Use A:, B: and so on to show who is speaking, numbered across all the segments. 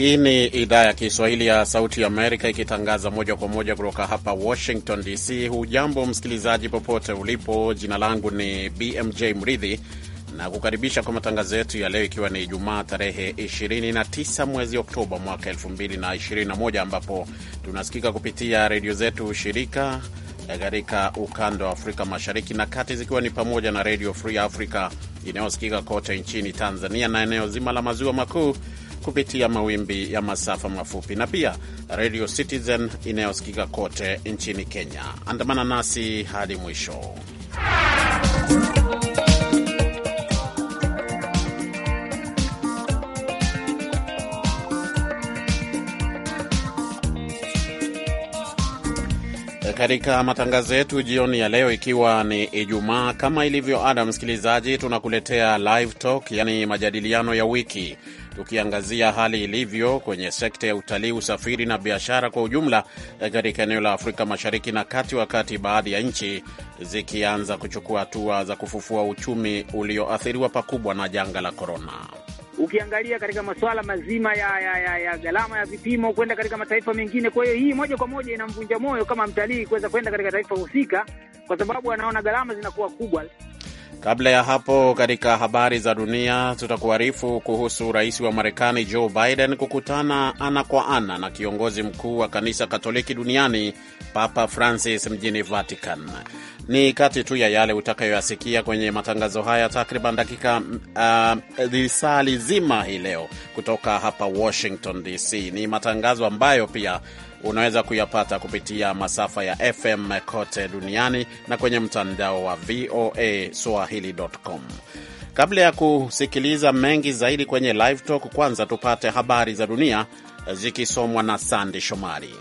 A: Hii ni idhaa ya Kiswahili ya Sauti Amerika ikitangaza moja kwa moja kutoka hapa Washington DC. Hujambo msikilizaji, popote ulipo. Jina langu ni BMJ Mridhi na kukaribisha kwa matangazo yetu ya leo, ikiwa ni Ijumaa tarehe 29 mwezi Oktoba mwaka 2021 ambapo tunasikika kupitia redio zetu shirika katika ukanda wa Afrika Mashariki na Kati, zikiwa ni pamoja na Redio Free Africa inayosikika kote nchini Tanzania na eneo zima la maziwa makuu kupitia mawimbi ya masafa mafupi na pia Radio Citizen inayosikika kote nchini Kenya. Andamana nasi hadi mwisho. Katika matangazo yetu jioni ya leo, ikiwa ni Ijumaa, kama ilivyo ada, msikilizaji, tunakuletea live talk, majadiliano ya wiki tukiangazia hali ilivyo kwenye sekta ya utalii, usafiri na biashara kwa ujumla eh, katika eneo la Afrika Mashariki na Kati, wakati baadhi ya nchi zikianza kuchukua hatua za kufufua uchumi ulioathiriwa pakubwa na janga la korona.
B: Ukiangalia katika masuala mazima ya, ya, ya, ya gharama ya vipimo kwenda katika mataifa mengine. Kwa hiyo hii moja kwa moja inamvunja moyo kama mtalii kuweza kwenda katika taifa husika, kwa sababu anaona gharama
C: zinakuwa kubwa.
A: Kabla ya hapo, katika habari za dunia, tutakuarifu kuhusu rais wa Marekani Joe Biden kukutana ana kwa ana na kiongozi mkuu wa kanisa Katoliki duniani Papa Francis mjini Vatican. Ni kati tu ya yale utakayoyasikia kwenye matangazo haya takriban dakika lisali uh, uh zima hii leo kutoka hapa Washington DC. Ni matangazo ambayo pia unaweza kuyapata kupitia masafa ya FM kote duniani na kwenye mtandao wa VOA swahili.com. Kabla ya kusikiliza mengi zaidi kwenye live talk, kwanza tupate habari za dunia zikisomwa na Sandi Shomari.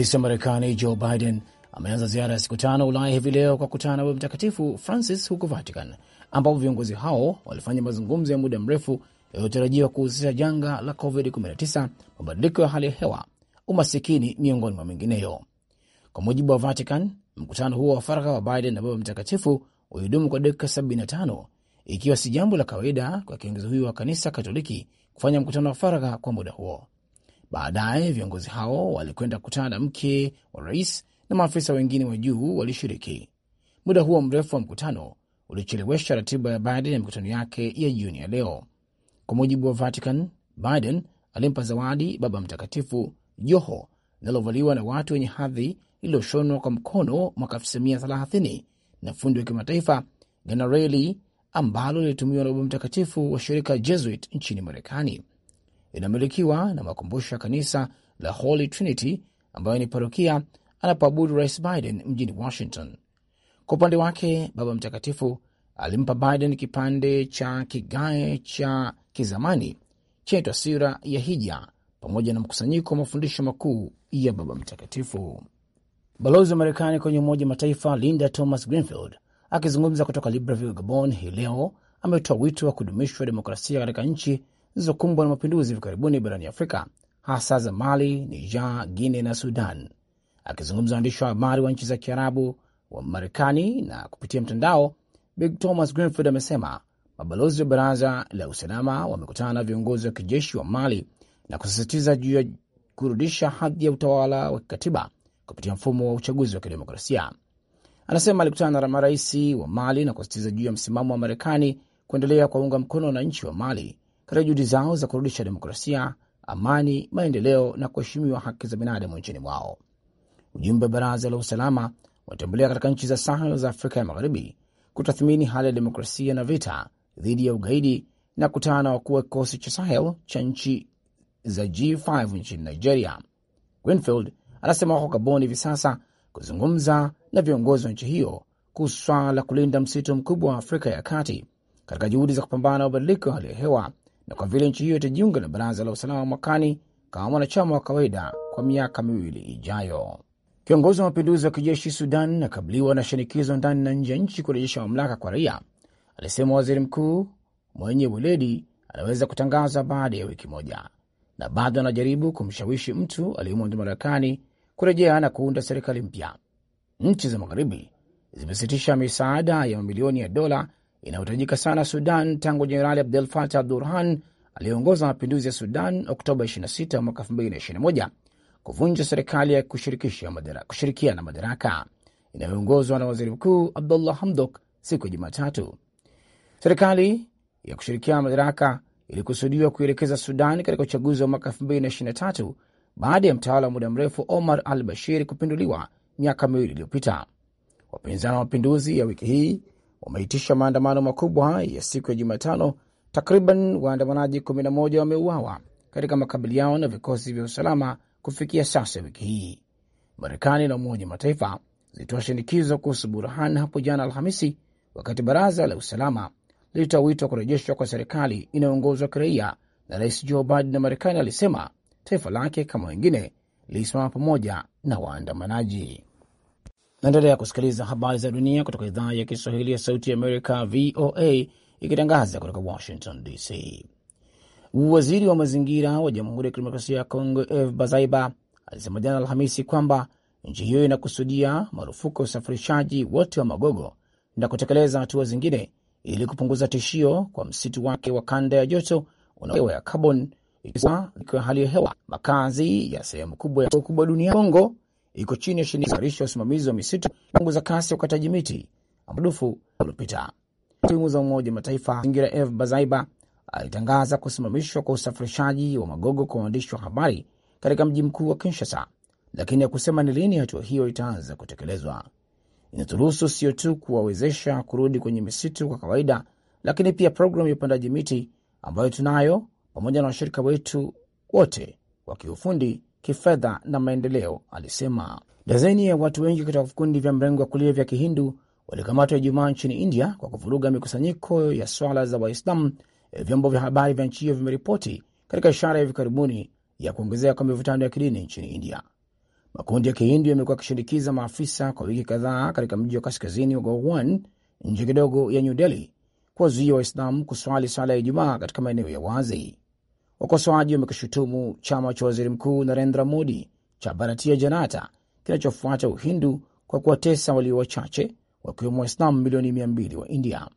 D: Rais wa Marekani Joe Biden ameanza ziara ya siku tano Ulaya hivi leo kwa kutana na Baba Mtakatifu Francis huko Vatican, ambapo viongozi hao walifanya mazungumzo ya muda mrefu yaliyotarajiwa kuhusisha janga la COVID-19, mabadiliko ya hali ya hewa, umasikini, miongoni mwa mengineyo. Kwa mujibu wa Vatican, mkutano huo wa faragha wa Biden na Baba Mtakatifu ulihudumu kwa dakika 75 ikiwa si jambo la kawaida kwa kiongozi huyo wa kanisa Katoliki kufanya mkutano wa faragha kwa muda huo. Baadaye viongozi hao walikwenda kukutana na mke wa rais na maafisa wengine wa juu walishiriki. Muda huo mrefu wa mkutano ulichelewesha ratiba ya Biden ya mikutano yake ya Juni ya leo. Kwa mujibu wa Vatican, Biden alimpa zawadi Baba Mtakatifu joho linalovaliwa na watu wenye hadhi lililoshonwa kwa mkono mwaka 1930 na fundi wa kimataifa Ganarelli ambalo lilitumiwa na Baba Mtakatifu wa shirika Jesuit nchini Marekani inamilikiwa na makumbusho ya kanisa la Holy Trinity ambayo ni parokia anapoabudu Rais Biden mjini Washington. Kwa upande wake, Baba Mtakatifu alimpa Biden kipande cha kigae cha kizamani chenye taswira ya hija pamoja na mkusanyiko wa mafundisho makuu ya Baba Mtakatifu. Balozi wa Marekani kwenye Umoja Mataifa Linda Thomas Greenfield akizungumza kutoka Libreville, Gabon hii leo ametoa wito wa kudumishwa demokrasia katika nchi zilizokumbwa na mapinduzi hivi karibuni barani Afrika, hasa za Mali, Niger, Guine na Sudan. Akizungumza waandishi wa habari wa nchi za Kiarabu wa Marekani na kupitia mtandao, Big Thomas Greenfield amesema mabalozi wa Baraza la Usalama wamekutana na viongozi wa kijeshi wa Mali na kusisitiza juu ya kurudisha hadhi ya utawala wa kikatiba kupitia mfumo wa uchaguzi wa kidemokrasia. Anasema alikutana na marais wa Mali na kusisitiza juu ya msimamo wa Marekani kuendelea kuwaunga mkono wananchi wa Mali katika juhudi zao za kurudisha demokrasia, amani, maendeleo na kuheshimiwa haki za binadamu nchini mwao. Ujumbe wa Baraza la Usalama watembelea katika nchi za Sahel za Afrika ya Magharibi kutathmini hali ya demokrasia na vita dhidi ya ugaidi na kutana na wakuu wa kikosi cha Sahel cha nchi za G5 nchini Nigeria. Winfield anasema wako Gabon hivi sasa kuzungumza na viongozi wa nchi hiyo kuhusu swala la kulinda msitu mkubwa wa Afrika ya Kati katika juhudi za kupambana na mabadiliko ya hali ya hewa na kwa vile nchi hiyo itajiunga na Baraza la Usalama mwakani kama mwanachama wa kawaida kwa miaka miwili ijayo. Kiongozi wa mapinduzi wa kijeshi Sudan akabiliwa na shinikizo ndani na nje ya nchi kurejesha mamlaka kwa raia, alisema waziri mkuu mwenye weledi anaweza kutangaza baada ya wiki moja, na bado anajaribu kumshawishi mtu aliyemuondoa madarakani kurejea na kuunda serikali mpya. Nchi za magharibi zimesitisha misaada ya mamilioni ya dola inayohitajika sana Sudan tangu Jenerali Abdel Fatah Abdurhan aliyeongoza mapinduzi ya Sudan Oktoba 26 mwaka 2021 kuvunja serikali ya kushirikiana madaraka inayoongozwa na waziri mkuu Abdullah Hamdok siku ya Jumatatu. Serikali ya kushirikiana madaraka ilikusudiwa kuielekeza Sudan katika uchaguzi wa mwaka 2023 baada ya mtawala wa muda mrefu Omar al Bashir kupinduliwa miaka miwili iliyopita. Wapinzani wa mapinduzi ya wiki hii wameitisha maandamano makubwa ya siku ya Jumatano. Takriban waandamanaji 11 wameuawa katika makabiliano na vikosi vya usalama kufikia sasa wiki hii. Marekani na Umoja wa Mataifa zilitoa shinikizo kuhusu Burhan hapo jana Alhamisi, wakati baraza la usalama lilitoa wito wa kurejeshwa kwa serikali inayoongozwa kiraia, na Rais Joe Biden na Marekani alisema taifa lake kama wengine lilisimama pamoja na waandamanaji. Naendelea kusikiliza habari za dunia kutoka idhaa ya Kiswahili ya Sauti ya Amerika, VOA, ikitangaza kutoka Washington DC. Waziri wa mazingira wa Jamhuri ya Kidemokrasia ya Kongo Eve Bazaiba alisema jana Alhamisi kwamba nchi hiyo inakusudia marufuku ya usafirishaji wote wa magogo na kutekeleza hatua zingine ili kupunguza tishio kwa msitu wake wa kanda ya joto unaohewa ya carbon ikiwa hali ya hewa, makazi ya sehemu kubwa ya kubwa dunia Kongo iko chini ya shinikizo usimamizi wa misitu za kasi ya ukataji miti madufu uliopita. Timu za Umoja Mataifa zingira Eve Bazaiba alitangaza kusimamishwa kwa usafirishaji wa magogo kwa waandishi wa habari katika mji mkuu wa Kinshasa, lakini hakusema ni lini hatua hiyo itaanza kutekelezwa. Inaturuhusu sio tu kuwawezesha kurudi kwenye misitu kwa kawaida, lakini pia programu ya upandaji miti ambayo tunayo pamoja na washirika wetu wote wa kiufundi kifedha na maendeleo, alisema. Dazeni ya watu wengi kutoka vikundi vya mrengo wa kulia vya kihindu walikamatwa Ijumaa nchini India kwa kuvuruga mikusanyiko ya swala za Waislamu, eh, vyombo vya habari vya nchi hiyo vimeripoti, katika ishara ya hivi karibuni ya kuongezeka kwa mivutano ya kidini nchini India. Makundi ya kihindu yamekuwa yakishinikiza maafisa kwa wiki kadhaa katika mji wa kaskazini wa Gowan, nje kidogo ya New Delhi, kuwazuia Waislamu kuswali swala ya Ijumaa katika maeneo ya wazi. Wakosoaji wamekishutumu chama cha waziri mkuu Narendra Modi cha Bharatiya Janata kinachofuata Uhindu kwa kuwatesa walio wachache wakiwemo Waislamu milioni mia mbili wa India.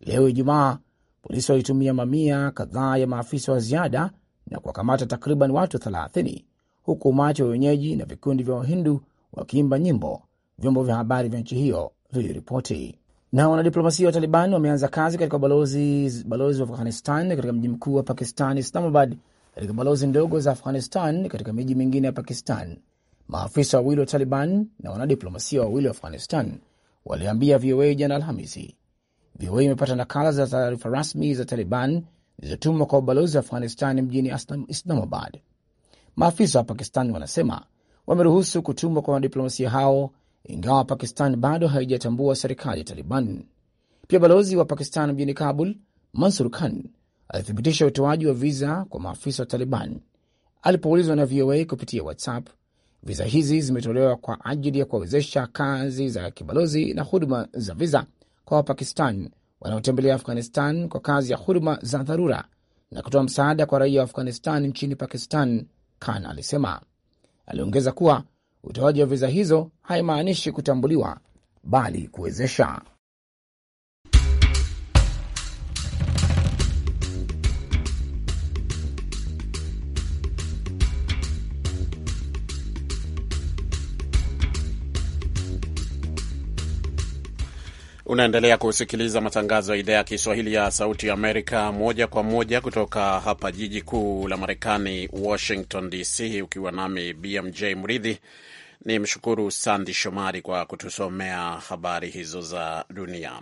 D: Leo Ijumaa, polisi walitumia mamia kadhaa ya maafisa wa ziada na kuwakamata takriban watu 30 huku umati wa wenyeji na vikundi vya Wahindu wakiimba nyimbo, vyombo vya habari vya nchi hiyo viliripoti. Na wanadiplomasia wa Taliban wameanza kazi katika balozi, balozi wa Afghanistan katika mji mkuu wa Pakistan, Islamabad, katika balozi ndogo za Afghanistan katika miji mingine ya Pakistan. Maafisa wawili wa Taliban na wanadiplomasia wawili wa Afghanistan waliambia VOA jana Alhamisi. VOA imepata nakala za taarifa rasmi za Taliban zilizotumwa kwa ubalozi wa Afghanistan mjini Islamabad. Maafisa wa Pakistan wanasema wameruhusu kutumwa kwa wanadiplomasia hao ingawa Pakistan bado haijatambua serikali ya Taliban. Pia balozi wa Pakistan mjini Kabul, Mansur Khan, alithibitisha utoaji wa viza kwa maafisa wa Taliban alipoulizwa na VOA kupitia WhatsApp. Viza hizi zimetolewa kwa ajili ya kuwawezesha kazi za kibalozi na huduma za viza kwa Wapakistan wanaotembelea Afghanistan kwa kazi ya huduma za dharura na kutoa msaada kwa raia wa Afghanistan nchini Pakistan, Khan alisema. Aliongeza kuwa Utoaji wa viza hizo haimaanishi kutambuliwa, bali kuwezesha
A: Unaendelea kusikiliza matangazo ya idhaa ya Kiswahili ya Sauti ya Amerika moja kwa moja kutoka hapa jiji kuu la Marekani, Washington DC, ukiwa nami BMJ Mridhi. Ni mshukuru Sandi Shomari kwa kutusomea habari hizo za dunia.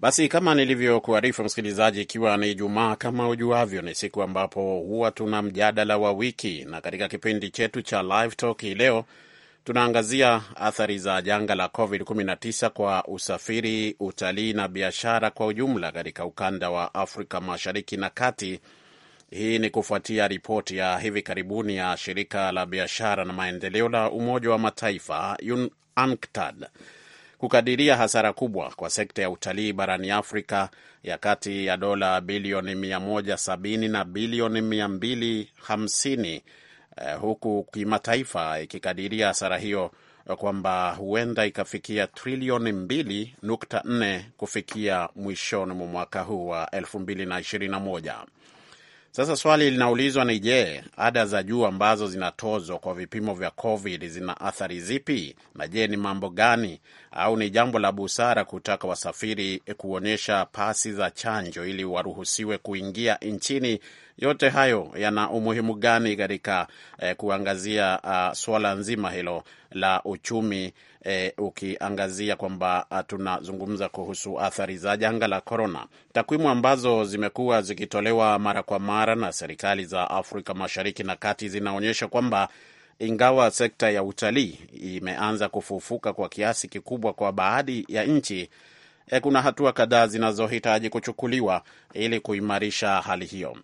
A: Basi kama nilivyokuarifu msikilizaji, ikiwa ni Ijumaa, kama ujuavyo, ni siku ambapo huwa tuna mjadala wa wiki, na katika kipindi chetu cha Live Talk hii leo Tunaangazia athari za janga la COVID-19 kwa usafiri, utalii na biashara kwa ujumla katika ukanda wa Afrika Mashariki na Kati. Hii ni kufuatia ripoti ya hivi karibuni ya shirika la biashara na maendeleo la Umoja wa Mataifa UNCTAD kukadiria hasara kubwa kwa sekta ya utalii barani Afrika ya kati ya dola bilioni 170 na bilioni 250 eh, huku kimataifa ikikadiria hasara hiyo kwamba huenda ikafikia trilioni mbili nukta nne kufikia mwishoni mwa mwaka huu wa elfu mbili na ishirini na moja. Sasa swali linaulizwa ni je, ada za juu ambazo zinatozwa kwa vipimo vya COVID zina athari zipi? Na je, ni mambo gani au ni jambo la busara kutaka wasafiri kuonyesha pasi za chanjo ili waruhusiwe kuingia nchini yote hayo yana umuhimu gani katika eh, kuangazia uh, suala nzima hilo la uchumi eh, ukiangazia kwamba uh, tunazungumza kuhusu athari za janga la korona. Takwimu ambazo zimekuwa zikitolewa mara kwa mara na serikali za Afrika Mashariki na Kati zinaonyesha kwamba ingawa sekta ya utalii imeanza kufufuka kwa kiasi kikubwa kwa baadhi ya nchi, eh, kuna hatua kadhaa zinazohitaji kuchukuliwa ili kuimarisha hali hiyo.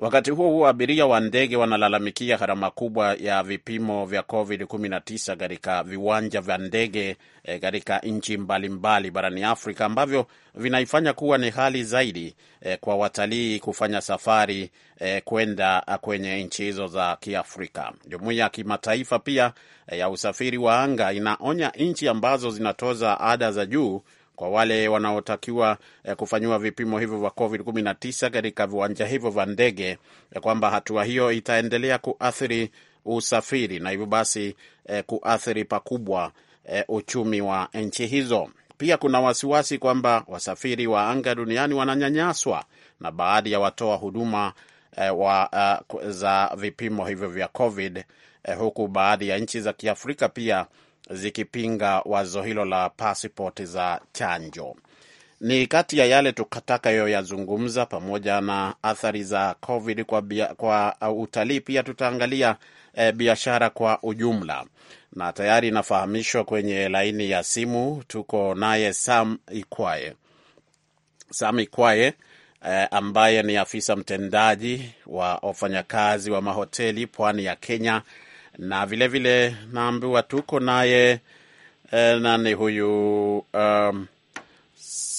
A: Wakati huo huo, abiria wa ndege wanalalamikia gharama kubwa ya vipimo vya COVID-19 katika viwanja vya ndege eh, katika nchi mbalimbali barani Afrika ambavyo vinaifanya kuwa ni hali zaidi e, kwa watalii kufanya safari e, kwenda ah, kwenye nchi hizo za Kiafrika. Jumuiya ya kimataifa pia e, ya usafiri wa anga inaonya nchi ambazo zinatoza ada za juu kwa wale wanaotakiwa eh, kufanyiwa vipimo hivyo vya COVID-19 katika viwanja hivyo vya ndege, eh, kwamba hatua hiyo itaendelea kuathiri usafiri na hivyo basi eh, kuathiri pakubwa eh, uchumi wa nchi hizo. Pia kuna wasiwasi kwamba wasafiri wa anga duniani wananyanyaswa na baadhi ya watoa huduma eh, wa, eh, za vipimo hivyo vya COVID eh, huku baadhi ya nchi za Kiafrika pia zikipinga wazo hilo la pasipoti za chanjo. Ni kati ya yale tutakayoyazungumza pamoja na athari za COVID kwa, kwa uh, utalii. Pia tutaangalia e, biashara kwa ujumla, na tayari inafahamishwa kwenye laini ya simu tuko naye Sam Ikwaye, Sam Ikwaye e, ambaye ni afisa mtendaji wa wafanyakazi wa mahoteli pwani ya Kenya na vilevile naambiwa tuko naye eh, nani huyu um,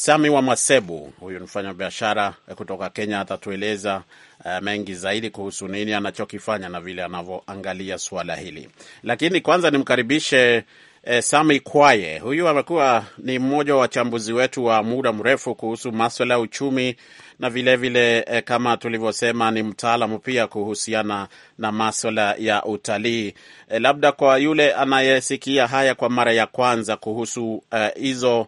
A: Sami wa Mwasebu, huyu mfanya biashara eh, kutoka Kenya, atatueleza uh, mengi zaidi kuhusu nini anachokifanya na vile anavyoangalia suala hili, lakini kwanza nimkaribishe E, Sami Kwaye. Huyu amekuwa ni mmoja wa wachambuzi wetu wa muda mrefu kuhusu maswala ya uchumi na vilevile vile, eh, kama tulivyosema ni mtaalamu pia kuhusiana na maswala ya utalii. E, labda kwa yule anayesikia haya kwa mara ya kwanza kuhusu eh, hizo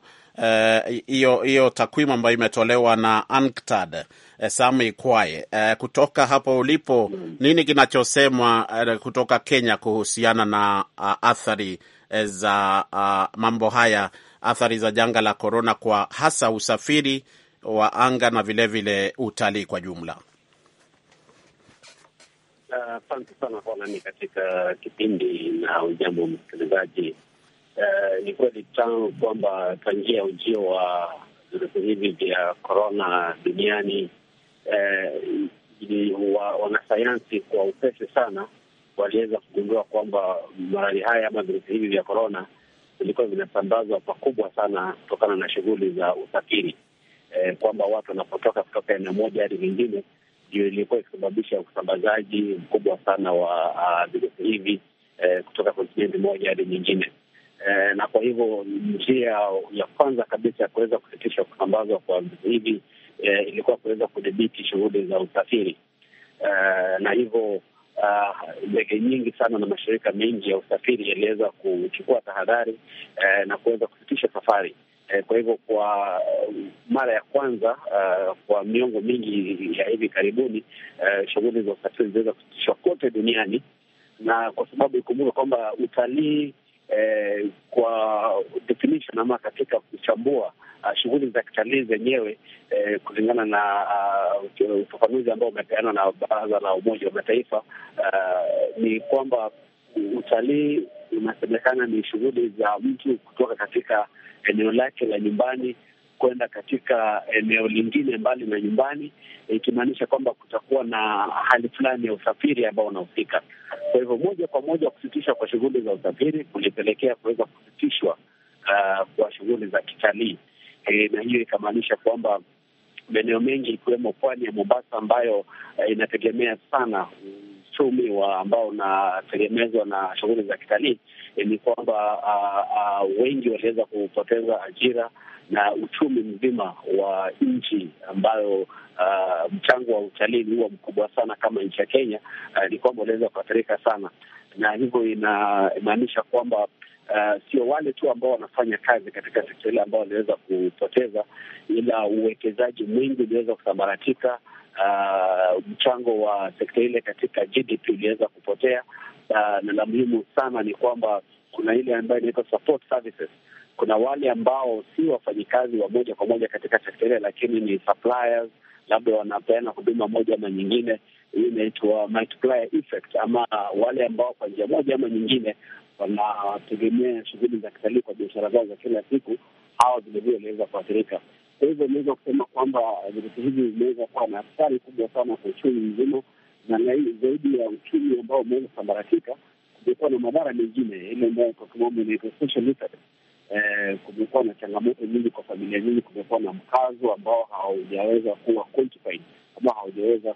A: hiyo uh, hiyo takwimu ambayo imetolewa na UNCTAD uh, uh, kutoka hapo ulipo, nini kinachosemwa uh, kutoka Kenya kuhusiana na uh, athari za uh, mambo haya, athari za janga la korona kwa hasa usafiri wa anga na vilevile utalii kwa jumla?
E: Asante uh, sana kwa nami katika kipindi na ujambo msikilizaji. Uh, ni kweli tangu kwamba tangia ujio wa virusi hivi vya korona duniani uh, wa, wanasayansi kwa upesi sana waliweza kugundua kwamba maradhi haya ama virusi hivi vya korona vilikuwa vinasambazwa pakubwa sana kutokana na shughuli za usafiri eh, kwamba watu wanapotoka kutoka eneo moja hadi lingine, ndio ilikuwa ikisababisha usambazaji mkubwa sana wa uh, virusi hivi eh, kutoka kontinenti moja hadi nyingine. Eh, na kwa hivyo njia ya kwanza kabisa ya kuweza kusitisha kusambazwa kwa virusi hivi eh, ilikuwa kuweza kudhibiti shughuli za usafiri eh, na hivyo ah, ndege uh, nyingi sana na mashirika mengi ya usafiri yaliweza kuchukua tahadhari eh, na kuweza kusitisha safari E, kwa hivyo kwa uh, mara ya kwanza uh, kwa miongo mingi ya hivi karibuni uh, shughuli za usafiri ziliweza kusitishwa kote duniani, na kwa sababu ikumbuka kwamba utalii eh, kwa definition ama katika kuchambua uh, shughuli za kitalii zenyewe eh, kulingana na uh, ufafanuzi uh, ambao umepeana na Baraza la Umoja wa Mataifa uh, ni kwamba utalii unasemekana ni shughuli za mtu kutoka katika eneo lake la nyumbani kwenda katika eneo lingine mbali na nyumbani, ikimaanisha kwamba kutakuwa na hali fulani ya usafiri ambao unahusika. Kwa hivyo moja kwa moja kusitishwa kwa shughuli za usafiri kulipelekea kuweza kusitishwa uh, kwa shughuli za kitalii e, na hiyo ikamaanisha kwamba maeneo mengi ikiwemo pwani ya Mombasa ambayo uh, inategemea sana uchumi wa ambao unategemezwa na shughuli za kitalii eh, ni kwamba ah, ah, wengi waliweza kupoteza ajira na uchumi mzima wa nchi ambayo ah, mchango wa utalii huwa mkubwa sana kama nchi ya Kenya ni kwamba waliweza kuathirika sana, na hivyo inamaanisha kwamba Uh, sio wale tu ambao wanafanya kazi katika sekta ile ambao waliweza kupoteza, ila uwekezaji mwingi uliweza kusambaratika Uh, mchango uh, wa sekta ile katika GDP uliweza kupotea uh, na la muhimu sana ni kwamba kuna ile ambayo inaitwa support services. Kuna wale ambao si wafanyikazi wa moja kwa moja katika sekta ile, lakini ni suppliers, labda wanapeana huduma moja ama nyingine. Hii inaitwa multiplier effect, ama wale ambao kwa njia moja ama nyingine wanategemea shughuli za kitalii kwa biashara zao za kila siku, hawa vilevile waliweza kuathirika. Kwa hivyo imeweza kusema kwamba virusi hivi vimeweza kuwa na athari kubwa sana kwa uchumi mzima, na zaidi ya uchumi ambao umeweza kusambaratika, kumekuwa na madhara mengine, ile ambayo kwa kimombo inaitwa social effect. Eh, kumekuwa na changamoto nyingi kwa familia nyingi, kumekuwa na mkazo ambao haujaweza kuwa quantified, ambao haujaweza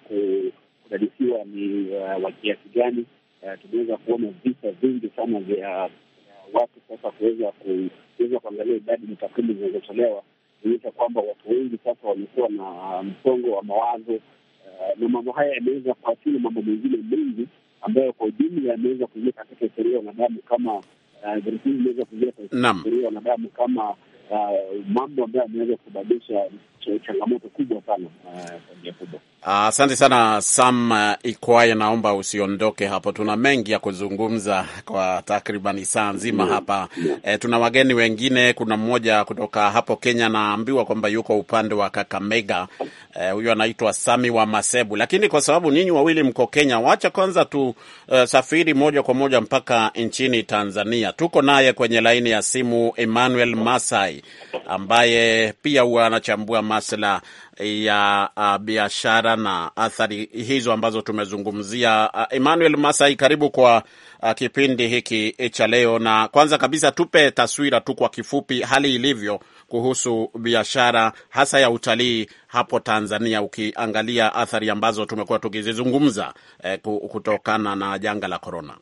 E: kudadisiwa ni eh, wa kiasi gani. Eh, tumeweza kuona visa vingi sana vya watu sasa kuweza kuangalia idadi, ni takwimu zinazotolewa kuonyesha kwamba watu wengi sasa wamekuwa na uh, msongo wa mawazo uh, na mambo haya yameweza kuathiri mambo mengine mengi ambayo kwa ujumla yameweza kuingia katika historia ya wanadamu kama uh, imeweza kuingia katika historia ya wanadamu kama uh, mambo ambayo ameweza kusababisha changamoto kubwa sana uh, ah, kubwa.
A: Ah, asante uh, sana Sam uh, Ikwaye, naomba usiondoke hapo, tuna mengi ya kuzungumza kwa takribani saa nzima yeah, hapa yeah. E, tuna wageni wengine, kuna mmoja kutoka hapo Kenya, naambiwa kwamba yuko upande wa Kakamega huyo eh, anaitwa Sami wa Masebu. Lakini kwa sababu ninyi wawili mko Kenya, wacha kwanza tu eh, moja kwa moja mpaka nchini Tanzania. Tuko naye kwenye laini ya simu Emmanuel Masai ambaye pia huwa anachambua masuala ya uh, biashara na athari hizo ambazo tumezungumzia. Uh, Emmanuel Masai, karibu kwa uh, kipindi hiki e, cha leo, na kwanza kabisa tupe taswira tu kwa kifupi hali ilivyo kuhusu biashara hasa ya utalii hapo Tanzania, ukiangalia athari ambazo tumekuwa tukizizungumza uh, kutokana na janga la korona.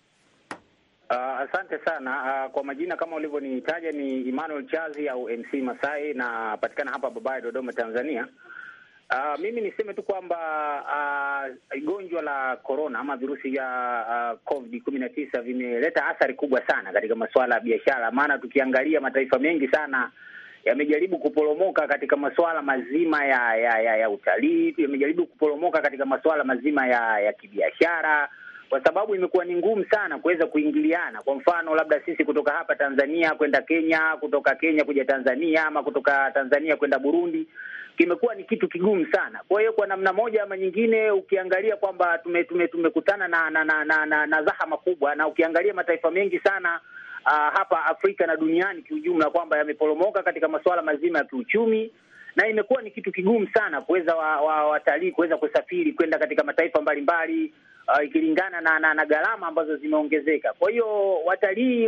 A: Uh,
B: asante sana uh, kwa majina kama ulivyonitaja ni Emmanuel Chazi au MC Masai, na patikana hapa babaya Dodoma, Tanzania. Uh, mimi niseme tu kwamba uh, gonjwa la corona ama virusi vya uh, ah, covid kumi na tisa vimeleta athari kubwa sana katika masuala ya biashara, maana tukiangalia mataifa mengi sana yamejaribu kuporomoka katika masuala mazima ya ya, ya, ya utalii, yamejaribu kuporomoka katika masuala mazima ya ya kibiashara kwa sababu imekuwa ni ngumu sana kuweza kuingiliana. Kwa mfano, labda sisi kutoka hapa Tanzania kwenda Kenya, kutoka Kenya kuja Tanzania, ama kutoka Tanzania kwenda Burundi, kimekuwa ni kitu kigumu sana. Kwa hiyo kwa namna moja ama nyingine, ukiangalia kwamba tume, tume, tumekutana na na, na, na, na, na zahama kubwa, na ukiangalia mataifa mengi sana Uh, hapa Afrika na duniani kiujumla kwamba yameporomoka katika masuala mazima ya kiuchumi, na imekuwa ni kitu kigumu sana kuweza watalii wa, wa kuweza kusafiri kwenda katika mataifa mbalimbali uh, ikilingana na, na, na gharama ambazo zimeongezeka. Kwa hiyo watalii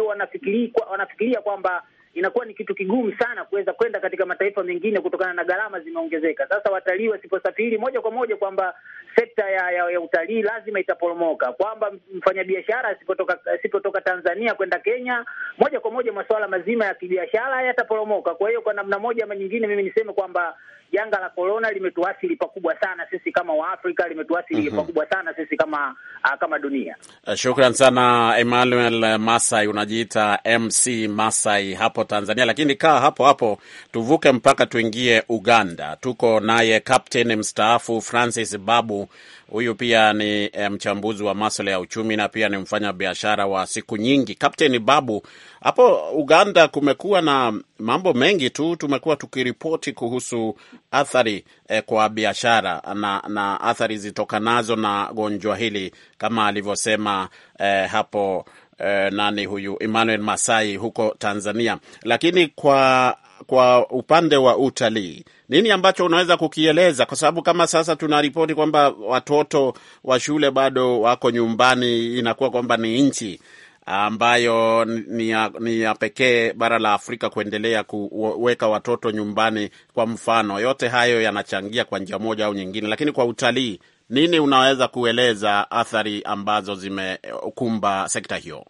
B: wanafikiria kwamba inakuwa ni kitu kigumu sana kuweza kwenda katika mataifa mengine kutokana na gharama zimeongezeka. Sasa watalii wasiposafiri moja kwa moja, kwamba sekta ya, ya, ya utalii lazima itaporomoka, kwamba mfanyabiashara asipotoka asipotoka Tanzania kwenda Kenya moja kwa moja, masuala mazima ya kibiashara yataporomoka. Kwa hiyo kwa namna moja ama nyingine, mimi niseme kwamba janga la korona limetuathiri pakubwa sana sisi kama Waafrika, limetuathiri mm -hmm. pakubwa sana sisi kama uh, kama dunia.
A: Eh, shukran sana Emmanuel Masai, unajiita MC Masai hapo Tanzania, lakini kaa hapo hapo, tuvuke mpaka tuingie Uganda. Tuko naye kapteni mstaafu Francis Babu. Huyu pia ni eh, mchambuzi wa masuala ya uchumi na pia ni mfanya biashara wa siku nyingi. Kapteni Babu, hapo Uganda kumekuwa na mambo mengi tu, tumekuwa tukiripoti kuhusu athari eh, kwa biashara na, na athari zitokanazo na gonjwa hili kama alivyosema eh, hapo eh, nani huyu Emmanuel Masai huko Tanzania. Lakini kwa kwa upande wa utalii, nini ambacho unaweza kukieleza? Kwa sababu kama sasa tunaripoti kwamba watoto wa shule bado wako nyumbani, inakuwa kwamba ni nchi ambayo ni ya, ni ya pekee bara la Afrika kuendelea kuweka watoto nyumbani. Kwa mfano, yote hayo yanachangia kwa njia moja au nyingine, lakini kwa utalii nini unaweza kueleza athari ambazo zimekumba sekta hiyo?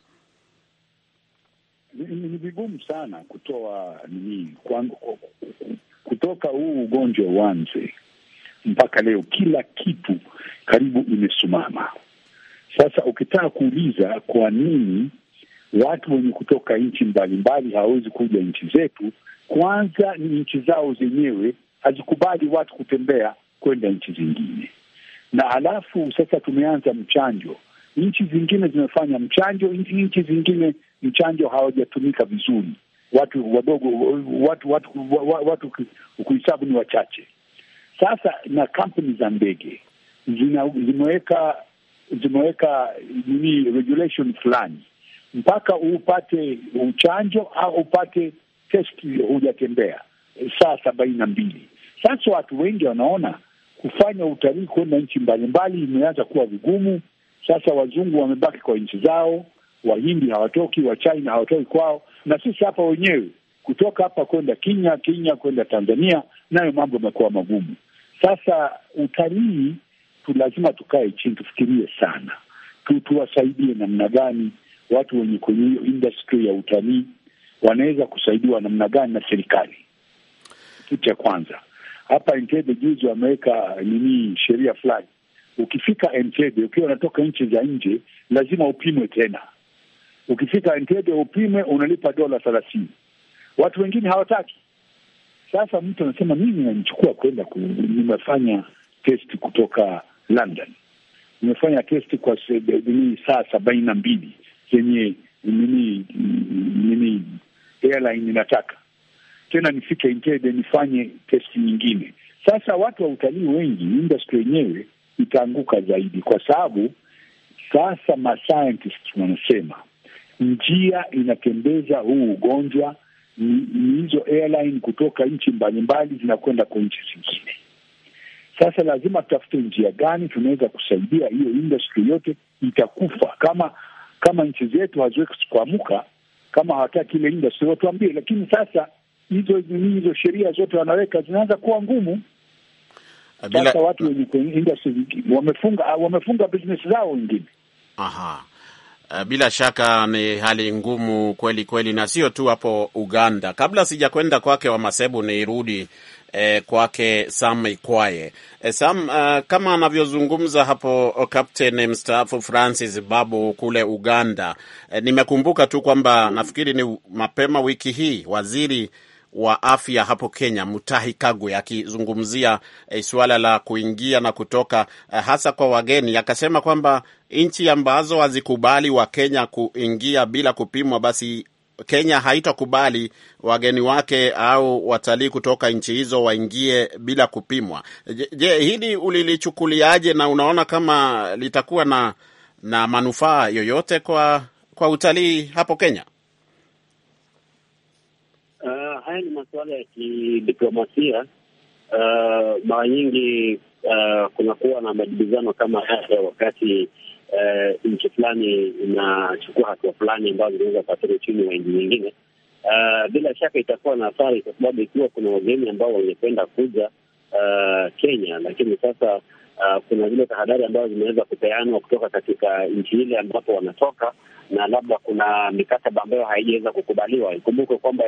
C: Ni vigumu sana kutoa nini, kutoka huu ugonjwa uanze mpaka leo, kila kitu karibu imesimama. Sasa ukitaka kuuliza kwa nini watu wenye kutoka nchi mbalimbali hawawezi kuja nchi zetu, kwanza ni nchi zao zenyewe hazikubali watu kutembea kwenda nchi zingine na alafu sasa tumeanza mchanjo. Nchi zingine zimefanya mchanjo, nchi zingine mchanjo hawajatumika vizuri, watu wadogo, watu watu watu kuhesabu ni wachache. Sasa na kampuni za ndege zimeweka zimeweka nini regulation fulani, mpaka upate uchanjo au upate test hujatembea saa sabaini na mbili. Sasa watu wengi wanaona kufanya utalii kwenda nchi mbalimbali imeanza kuwa vigumu. Sasa wazungu wamebaki kwa nchi zao, wahindi hawatoki, wachina hawatoki kwao, na sisi hapa wenyewe kutoka hapa kwenda Kenya, Kenya kwenda Tanzania, nayo mambo yamekuwa magumu. Sasa utalii tu lazima tukae chini tufikirie sana tu, tuwasaidie namna gani watu wenye kwenye hiyo industry ya utalii wanaweza kusaidiwa namna gani na serikali. Kitu cha kwanza. Hapa Entebbe juzi wameweka nini, sheria fulani, ukifika Entebbe ukiwa unatoka nchi za nje lazima upimwe tena. Ukifika Entebbe upimwe, unalipa dola thelathini. Watu wengine hawataki. Sasa mtu anasema mimi nanichukua kwenda ku, nimefanya test kutoka London, nimefanya test kwa nini saa sabaini na mbili zenye nini nini airline inataka tena nifike Entebbe nifanye testi nyingine. Sasa watu wa utalii wengi, industry yenyewe itaanguka zaidi, kwa sababu sasa mascientists wanasema njia inatembeza huu ugonjwa ni hizo airline kutoka nchi mbalimbali zinakwenda kwa nchi zingine. Sasa lazima tutafute njia gani tunaweza kusaidia hiyo industry yote itakufa kama kama nchi zetu haziwezi kuamuka kama hawataki ile industry watuambie. Lakini sasa hizo hizo sheria zote wanaweka zinaanza kuwa ngumu. Bila... sasa watu wenye industry wamefunga ah, wamefunga business zao wengine.
A: Aha. Eh, bila shaka ni hali ngumu kweli kweli, na sio tu hapo Uganda. Kabla sijakwenda kwake wa Wamasebu, nirudi eh, kwake Sam Ikwaye. Eh, Sam, uh, kama anavyozungumza hapo oh, Captain mstaafu Francis Babu kule Uganda, eh, nimekumbuka tu kwamba nafikiri ni mapema wiki hii waziri wa afya hapo Kenya, Mutahi Kagwe, akizungumzia eh, suala la kuingia na kutoka eh, hasa kwa wageni, akasema kwamba nchi ambazo hazikubali Wakenya kuingia bila kupimwa, basi Kenya haitakubali wageni wake au watalii kutoka nchi hizo waingie bila kupimwa. Je, je, hili ulilichukuliaje na unaona kama litakuwa na na manufaa yoyote kwa kwa utalii hapo Kenya?
E: Uh, haya ni masuala ya kidiplomasia. Uh, mara nyingi uh, kunakuwa na majibizano kama haya wakati uh, nchi fulani inachukua hatua fulani ambazo zinaweza kuathiri uchumi wa nchi nyingine. Uh, bila shaka itakuwa na athari, kwa sababu ikiwa kuna wageni ambao wangependa kuja uh, Kenya, lakini sasa uh, kuna zile tahadhari ambazo zinaweza kupeanwa kutoka katika nchi ile ambapo wanatoka na labda kuna mikataba ambayo haijaweza kukubaliwa. Ikumbuke kwamba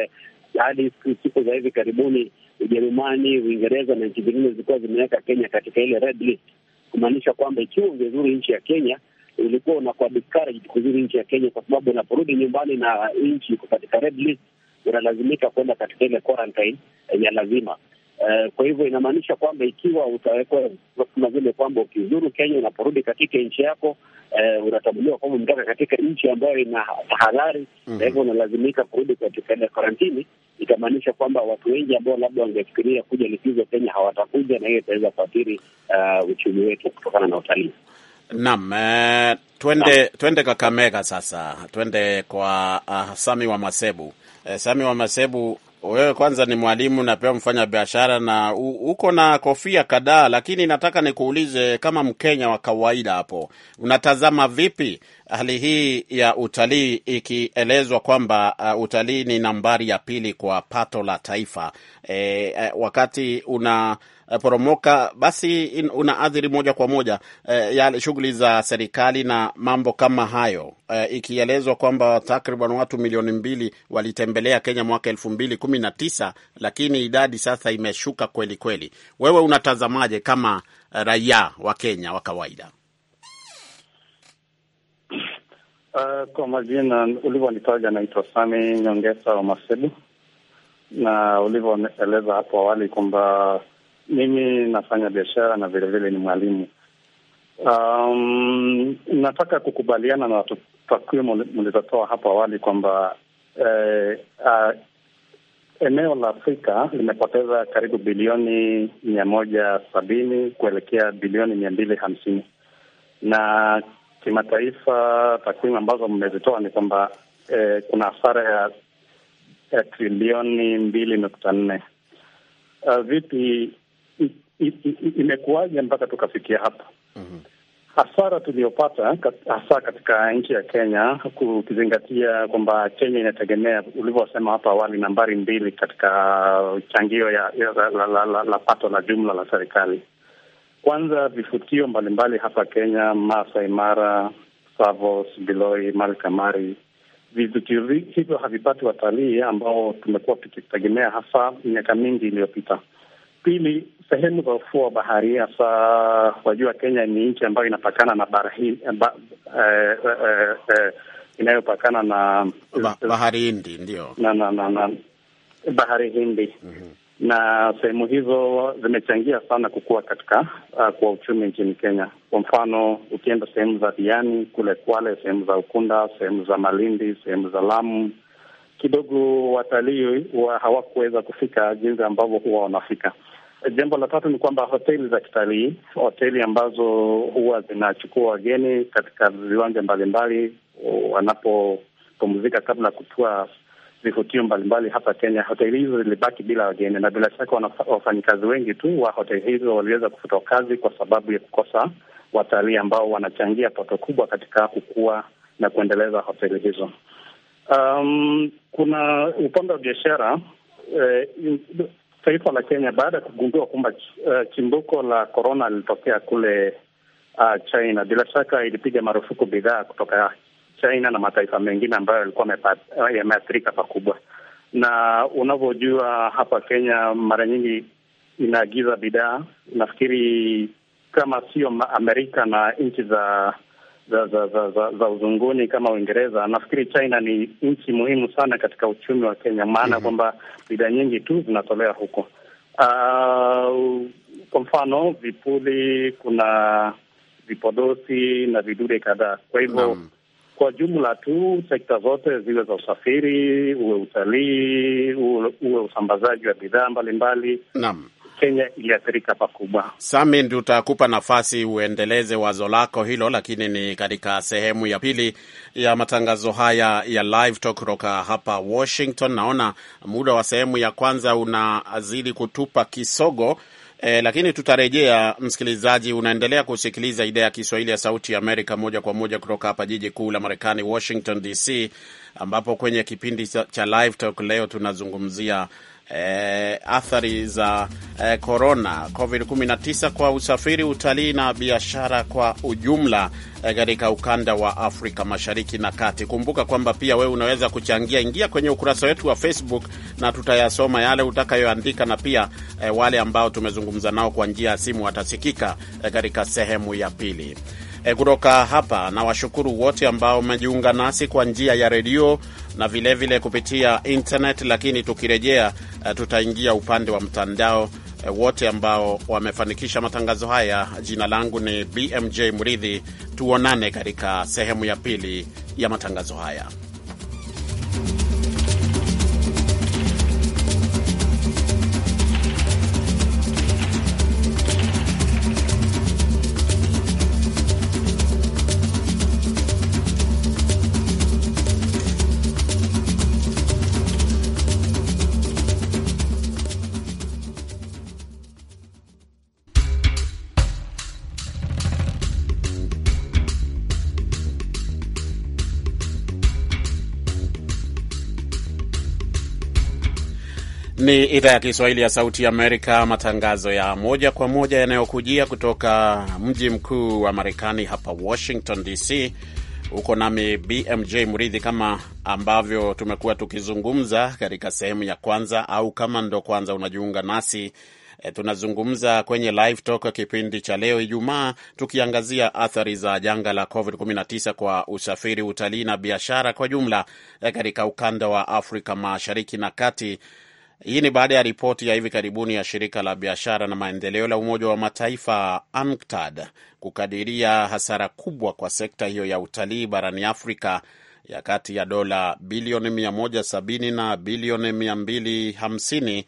E: hadi yaani, siku za hivi karibuni Ujerumani, Uingereza na nchi zingine zilikuwa zimeweka Kenya katika ile red list, kumaanisha kwamba ikiwa ungezuru nchi ya Kenya ulikuwa unakuwa discouraged kuzuru nchi ya Kenya kwa sababu unaporudi nyumbani na nchi iko katika red list, unalazimika kwenda katika ile quarantine eh, ya lazima. Eh, kwa hivyo inamaanisha kwamba ikiwa utawekwa kama vile kwamba ukizuru Kenya unaporudi katika nchi yako, eh, unatambuliwa kwamba umetoka katika nchi ambayo ina tahadhari na mhm. mm hivyo unalazimika kurudi katika ile karantini. Itamaanisha kwamba watu wengi ambao labda wangefikiria kuja likizo Kenya hawatakuja, na hiyo itaweza kuathiri uh, uchumi wetu kutokana na utalii.
A: Naam, eh, twende twende Kakamega sasa, twende kwa uh, Sami wa Masebu. Eh, Sami wa Masebu wewe kwanza ni mwalimu na pia mfanya biashara na u, uko na kofia kadhaa, lakini nataka nikuulize kama Mkenya wa kawaida hapo, unatazama vipi hali hii ya utalii ikielezwa kwamba uh, utalii ni nambari ya pili kwa pato la taifa e, wakati una poromoka, basi una adhiri moja kwa moja eh, yale shughuli za serikali na mambo kama hayo eh, ikielezwa kwamba takriban watu milioni mbili walitembelea Kenya mwaka elfu mbili kumi na tisa, lakini idadi sasa imeshuka kweli kweli. Wewe unatazamaje kama raia wa Kenya wa kawaida?
F: Uh, kwa majina ulivyonitaja naitwa Sami Nyongesa wa Masebu, na ulivyoeleza hapo awali kwamba mimi nafanya biashara na vilevile ni mwalimu. Um, nataka kukubaliana na takwimu mlizotoa hapo awali kwamba eh, uh, eneo la Afrika limepoteza karibu bilioni mia moja sabini kuelekea bilioni mia mbili hamsini na kimataifa takwimu ambazo mmezitoa ni kwamba eh, kuna hasara ya, trilioni mbili nukta nne. Uh, vipi imekuwaje mpaka tukafikia hapa? mm-hmm. Hasara tuliyopata hasa katika nchi ya Kenya, kukizingatia kwamba Kenya inategemea ulivyosema hapo awali, nambari mbili katika changio ya, ya, la, la, la, la, la pato la jumla la serikali. Kwanza vivutio mbalimbali hapa Kenya, Maasai Mara, Savos, Biloi, Malkamari, vivutio hivyo havipati watalii ambao tumekuwa tukitegemea hasa miaka mingi iliyopita. Pili, sehemu za ufuo wa bahari hasa wajua, Kenya ni nchi ambayo inapakana na bara hii eh, ba, eh, eh, eh, inayopakana na ba, bahari Hindi ndio na, na, na, na bahari Hindi mm -hmm. na sehemu hizo zimechangia sana kukua katika uh, kwa uchumi nchini Kenya. Kwa mfano, ukienda sehemu za Diani kule Kwale, sehemu za Ukunda, sehemu za Malindi, sehemu za Lamu kidogo watalii hawakuweza kufika jinsi ambavyo huwa wanafika. Jambo la tatu ni kwamba hoteli za kitalii, hoteli ambazo huwa zinachukua wageni katika viwanja mbalimbali wanapopumzika kabla ya kutua vivutio mbalimbali hapa Kenya. Hoteli hizo zilibaki bila wageni, na bila shaka wafanyikazi wengi tu wa hoteli hizo waliweza kufutwa kazi kwa sababu ya kukosa watalii ambao wanachangia pato kubwa katika kukua na kuendeleza hoteli hizo. Um, kuna upande wa biashara eh, taifa la Kenya baada ya kugundua kwamba uh, chimbuko la korona lilitokea kule uh, China, bila shaka ilipiga marufuku bidhaa kutoka China na mataifa mengine ambayo yalikuwa eh, yameathirika pakubwa. Na unavyojua hapa Kenya mara nyingi inaagiza bidhaa, nafikiri kama sio Amerika na nchi za za za, za, za, za uzunguni kama Uingereza. Nafikiri China ni nchi muhimu sana katika uchumi wa Kenya, maana mm -hmm. kwamba bidhaa nyingi tu zinatolewa huko. Uh, kwa mfano vipuli, kuna vipodosi na vidude kadhaa. Kwa hivyo mm. kwa jumla tu sekta zote ziwe za usafiri, uwe utalii, uwe, uwe usambazaji wa bidhaa mbalimbali mm. Kenya iliathirika
A: pakubwa. Sami, tutakupa nafasi uendeleze wazo lako hilo, lakini ni katika sehemu ya pili ya matangazo haya ya live talk kutoka hapa Washington. Naona muda wa sehemu ya kwanza unazidi kutupa kisogo. Eh, lakini tutarejea. Msikilizaji, unaendelea kusikiliza idhaa ya Kiswahili ya Sauti ya Amerika moja kwa moja kutoka hapa jiji kuu la Marekani, Washington DC, ambapo kwenye kipindi cha Live Talk leo tunazungumzia eh, athari za eh, corona covid-19 kwa usafiri, utalii na biashara kwa ujumla eh, katika eh, ukanda wa Afrika Mashariki na Kati. Kumbuka kwamba pia wewe unaweza kuchangia. Ingia kwenye ukurasa wetu wa Facebook na tutayasoma yale utakayoandika, na pia eh, wale ambao tumezungumza nao kwa njia ya simu watasikika eh, katika eh, sehemu ya pili. Eh, kutoka hapa na washukuru wote ambao mmejiunga nasi kwa njia ya redio na vilevile vile kupitia internet, lakini tukirejea, uh, tutaingia upande wa mtandao eh, wote ambao wamefanikisha matangazo haya. Jina langu ni BMJ Muridhi. Tuonane katika sehemu ya pili ya matangazo haya. Ni idhaa ya Kiswahili ya Sauti Amerika, matangazo ya moja kwa moja yanayokujia kutoka mji mkuu wa Marekani hapa Washington DC. Huko nami BMJ Mridhi, kama ambavyo tumekuwa tukizungumza katika sehemu ya kwanza, au kama ndo kwanza unajiunga nasi E, tunazungumza kwenye live talk kipindi cha leo Ijumaa, tukiangazia athari za janga la COVID-19 kwa usafiri, utalii na biashara kwa jumla eh, katika ukanda wa Afrika Mashariki na Kati, hii ni baada ya ripoti ya hivi karibuni ya shirika la biashara na maendeleo la Umoja wa Mataifa UNCTAD kukadiria hasara kubwa kwa sekta hiyo ya utalii barani Afrika ya kati ya dola bilioni 170 na bilioni 250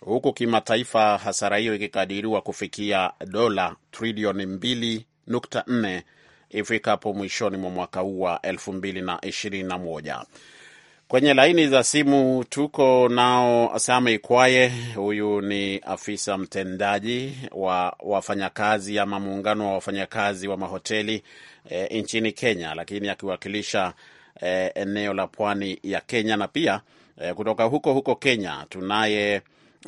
A: huku kimataifa hasara hiyo ikikadiriwa kufikia dola trilioni 2.4 ifikapo mwishoni mwa mwaka huu wa 2021. Kwenye laini za simu tuko nao Sami Kwaye, huyu ni afisa mtendaji wa wafanyakazi ama muungano wa wafanyakazi wa mahoteli e, nchini Kenya, lakini akiwakilisha e, eneo la pwani ya Kenya na pia e, kutoka huko huko Kenya tunaye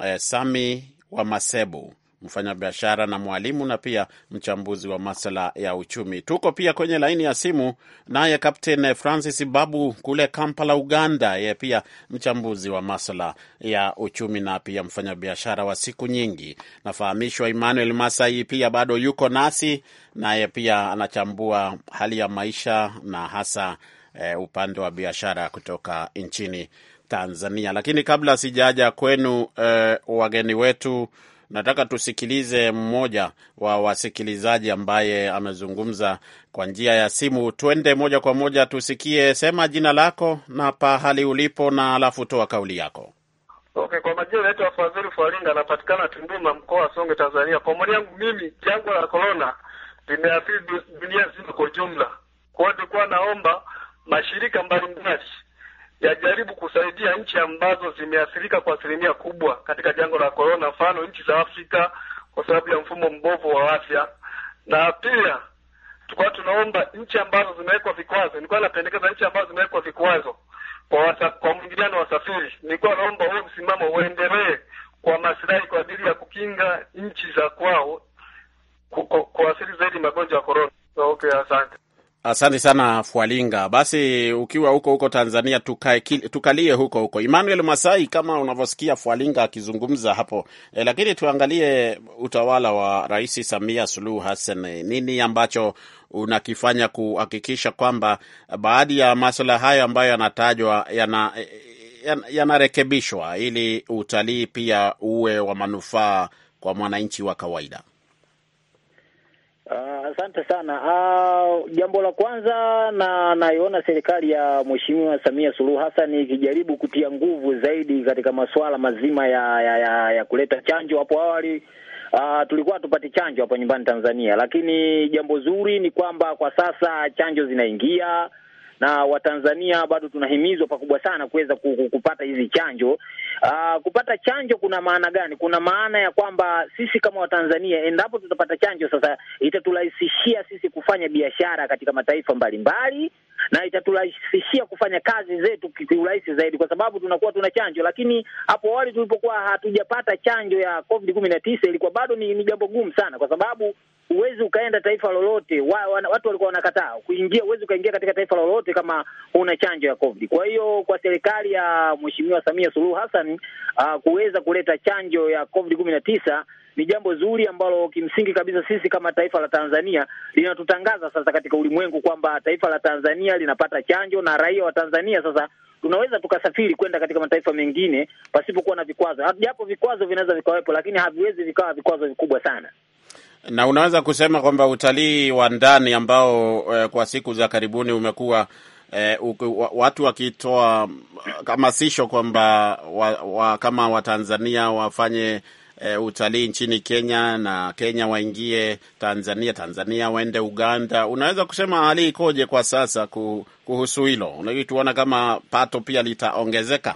A: e, Sami wa Masebu mfanyabiashara na mwalimu na pia mchambuzi wa masala ya uchumi. Tuko pia kwenye laini ya simu naye Captain Francis Babu kule Kampala, Uganda, Yeye pia mchambuzi wa masala ya uchumi na pia mfanyabiashara wa siku nyingi. Nafahamishwa Emmanuel Masai pia bado yuko nasi, naye pia anachambua hali ya maisha na hasa eh, upande wa biashara kutoka nchini Tanzania. Lakini kabla sijaja kwenu, eh, wageni wetu Nataka tusikilize mmoja wa wasikilizaji ambaye amezungumza kwa njia ya simu. Twende moja kwa moja tusikie. Sema jina lako na pahali ulipo, na alafu toa kauli yako.
F: Okay, kwa majina naitwa Fadhili Fwalinga, anapatikana Tunduma, mkoa wa Songwe, Tanzania. Kwa maoni yangu mimi, janga la korona limeathiri dunia zima kwa ujumla, kwa hiyo tulikuwa naomba mashirika mbalimbali yajaribu kusaidia nchi ambazo zimeathirika kwa asilimia kubwa katika janga la korona, mfano nchi za Afrika kwa sababu ya mfumo mbovu wa afya. Na pia tulikuwa tunaomba nchi ambazo zimewekwa vikwazo, nilikuwa napendekeza nchi ambazo zimewekwa vikwazo kwa wasa, kwa mwingiliano wasafiri, nilikuwa naomba huo msimamo uendelee kwa masilahi kwa ajili ya kukinga nchi za kwao kuasiri zaidi magonjwa ya korona. Okay, asante.
A: Asante sana Fwalinga. Basi ukiwa huko huko Tanzania, tukae, tukalie huko huko. Emmanuel Masai, kama unavyosikia Fwalinga akizungumza hapo e, lakini tuangalie utawala wa Rais Samia Suluhu Hassan, nini ambacho unakifanya kuhakikisha kwamba baadhi ya maswala hayo ambayo yanatajwa yana eh, eh, yanarekebishwa, ili utalii pia uwe wa manufaa kwa mwananchi wa kawaida?
B: Uh, asante sana. Uh, jambo la kwanza na naiona serikali ya Mheshimiwa Samia Suluhu Hassan ikijaribu kutia nguvu zaidi katika masuala mazima ya, ya, ya, ya kuleta chanjo. Hapo awali uh, tulikuwa tupate chanjo hapa nyumbani Tanzania, lakini jambo zuri ni kwamba kwa sasa chanjo zinaingia na Watanzania bado tunahimizwa pakubwa sana kuweza kupata hizi chanjo Ah, kupata chanjo kuna maana gani? Kuna maana ya kwamba sisi kama Watanzania, endapo tutapata chanjo sasa, itaturahisishia sisi kufanya biashara katika mataifa mbalimbali na itaturahisishia kufanya kazi zetu kiurahisi zaidi, kwa sababu tunakuwa tuna chanjo. Lakini hapo awali tulipokuwa hatujapata chanjo ya COVID kumi na tisa ilikuwa bado ni, ni jambo gumu sana, kwa sababu huwezi ukaenda taifa lolote wa, wa, watu walikuwa wanakataa kuingia. Huwezi ukaingia katika taifa lolote kama huna chanjo ya COVID. Kwa hiyo kwa serikali ya Mheshimiwa Samia Suluhu Hassan uh, kuweza kuleta chanjo ya COVID kumi na tisa ni jambo zuri ambalo kimsingi kabisa sisi kama taifa la Tanzania linatutangaza sasa katika ulimwengu kwamba taifa la Tanzania linapata chanjo na raia wa Tanzania sasa tunaweza tukasafiri kwenda katika mataifa mengine pasipokuwa na vikwazo, japo vikwazo vinaweza vikawepo, lakini haviwezi vikawa vikwazo vikubwa sana.
A: Na unaweza kusema kwamba utalii wa ndani ambao eh, kwa siku za karibuni umekuwa eh, watu wakitoa eh, hamasisho kwamba wa, wa, kama Watanzania wafanye E, utalii nchini Kenya na Kenya waingie Tanzania, Tanzania waende Uganda. Unaweza kusema hali ikoje kwa sasa kuhusu hilo? Unajua tuona kama pato pia litaongezeka.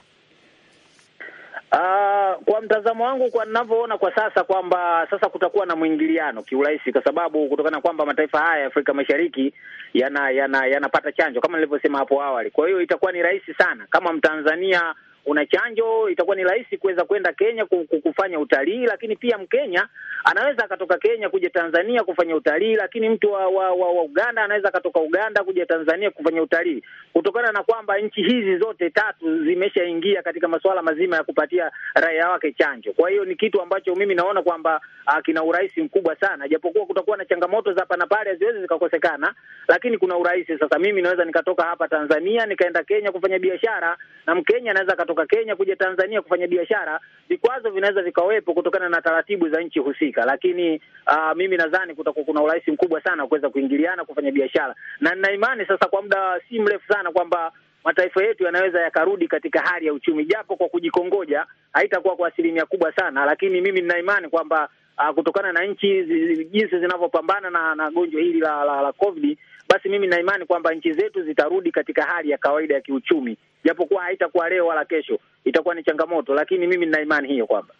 B: Uh, kwa mtazamo wangu kwa ninavyoona kwa sasa kwamba sasa kutakuwa na mwingiliano kiurahisi, kwa sababu kutokana na kwamba mataifa haya ya Afrika Mashariki yanapata yana, yana chanjo kama nilivyosema hapo awali. Kwa hiyo itakuwa ni rahisi sana kama Mtanzania una chanjo, itakuwa ni rahisi kuweza kwenda Kenya kufanya utalii, lakini pia Mkenya anaweza akatoka Kenya kuja Tanzania kufanya utalii, lakini mtu wa, wa, wa, wa Uganda anaweza akatoka Uganda kuja Tanzania kufanya utalii, kutokana na kwamba nchi hizi zote tatu zimeshaingia katika masuala mazima ya kupatia raia wake chanjo. Kwa hiyo ni kitu ambacho mimi naona kwamba ah, kina urahisi mkubwa sana, japokuwa kutakuwa na changamoto za hapa na pale, haziwezi zikakosekana, lakini kuna urahisi. Sasa mimi naweza nikatoka hapa Tanzania nikaenda Kenya kufanya biashara na Mkenya anaweza wanatoka Kenya kuja Tanzania kufanya biashara, vikwazo vinaweza vikawepo kutokana na taratibu za nchi husika, lakini uh, mimi nadhani kutakuwa kuna urahisi mkubwa sana kuweza kuingiliana kufanya biashara, na nina imani sasa kwa muda si mrefu sana kwamba mataifa yetu yanaweza yakarudi katika hali ya uchumi, japo kwa kujikongoja haitakuwa kwa asilimia kubwa sana, lakini mimi nina imani kwamba ah, kutokana na nchi jinsi zinavyopambana na, na gonjwa hili la, la, la COVID basi mimi na imani kwamba nchi zetu zitarudi katika hali ya kawaida ya kiuchumi, japokuwa haitakuwa leo wala kesho, itakuwa ni changamoto, lakini mimi nina imani hiyo kwamba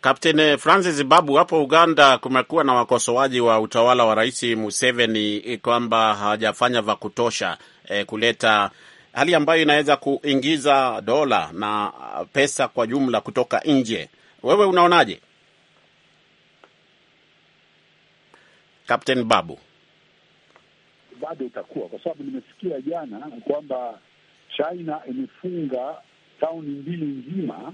A: Kapteni Francis Babu, hapo Uganda kumekuwa na wakosoaji wa utawala wa Rais Museveni eh, kwamba hajafanya vya kutosha e, kuleta hali ambayo inaweza kuingiza dola na ah, pesa kwa jumla kutoka nje. Wewe unaonaje, Kapteni Babu?
C: bado utakuwa, kwa sababu nimesikia jana kwamba China imefunga tauni mbili nzima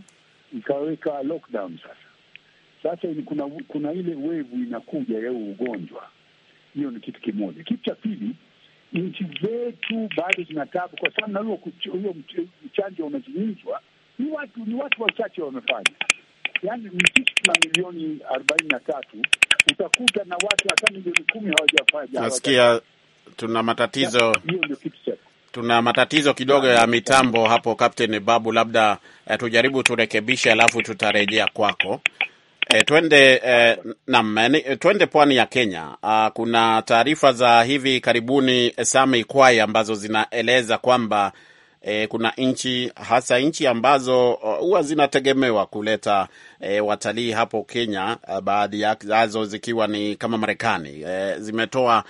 C: ikaweka lockdown. Sasa sasa kuna, kuna ile wevu inakuja ya ugonjwa. Hiyo ni kitu kimoja. Kitu cha pili, nchi zetu bado zina tabu, kwa sababu na huyo mchanjo unazinyinjwa ni watu ni watu wachache wamefanya, yaani msitu na milioni arobaini na tatu utakuta na watu hata milioni kumi hawajafanya. Nasikia
A: tuna matatizo tuna matatizo kidogo ya mitambo hapo, Captain Babu, labda eh, tujaribu turekebishe, alafu tutarejea kwako. Eh, twende eh, naam, eh, eh, twende pwani ya Kenya. Ah, kuna taarifa za hivi karibuni eh, Sami Kwai ambazo zinaeleza kwamba E, kuna nchi hasa nchi ambazo huwa zinategemewa kuleta e, watalii hapo Kenya, baadhi yazo zikiwa ni kama Marekani e, zimetoa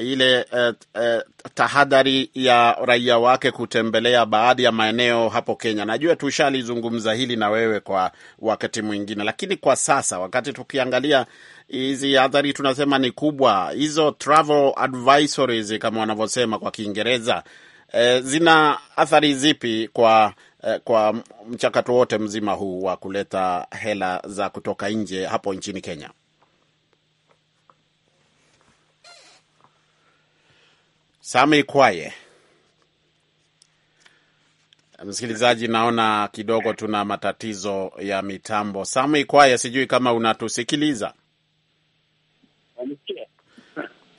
A: ile eh, eh, tahadhari ya raia wake kutembelea baadhi ya maeneo hapo Kenya. Najua tushalizungumza hili na wewe kwa wakati mwingine, lakini kwa sasa wakati tukiangalia hizi athari tunasema ni kubwa, hizo travel advisories kama wanavyosema kwa Kiingereza eh, zina athari zipi kwa eh, kwa mchakato wote mzima huu wa kuleta hela za kutoka nje hapo nchini Kenya? Sami Kwaye. Msikilizaji, naona kidogo tuna matatizo ya mitambo. Sami Kwaye, sijui kama unatusikiliza.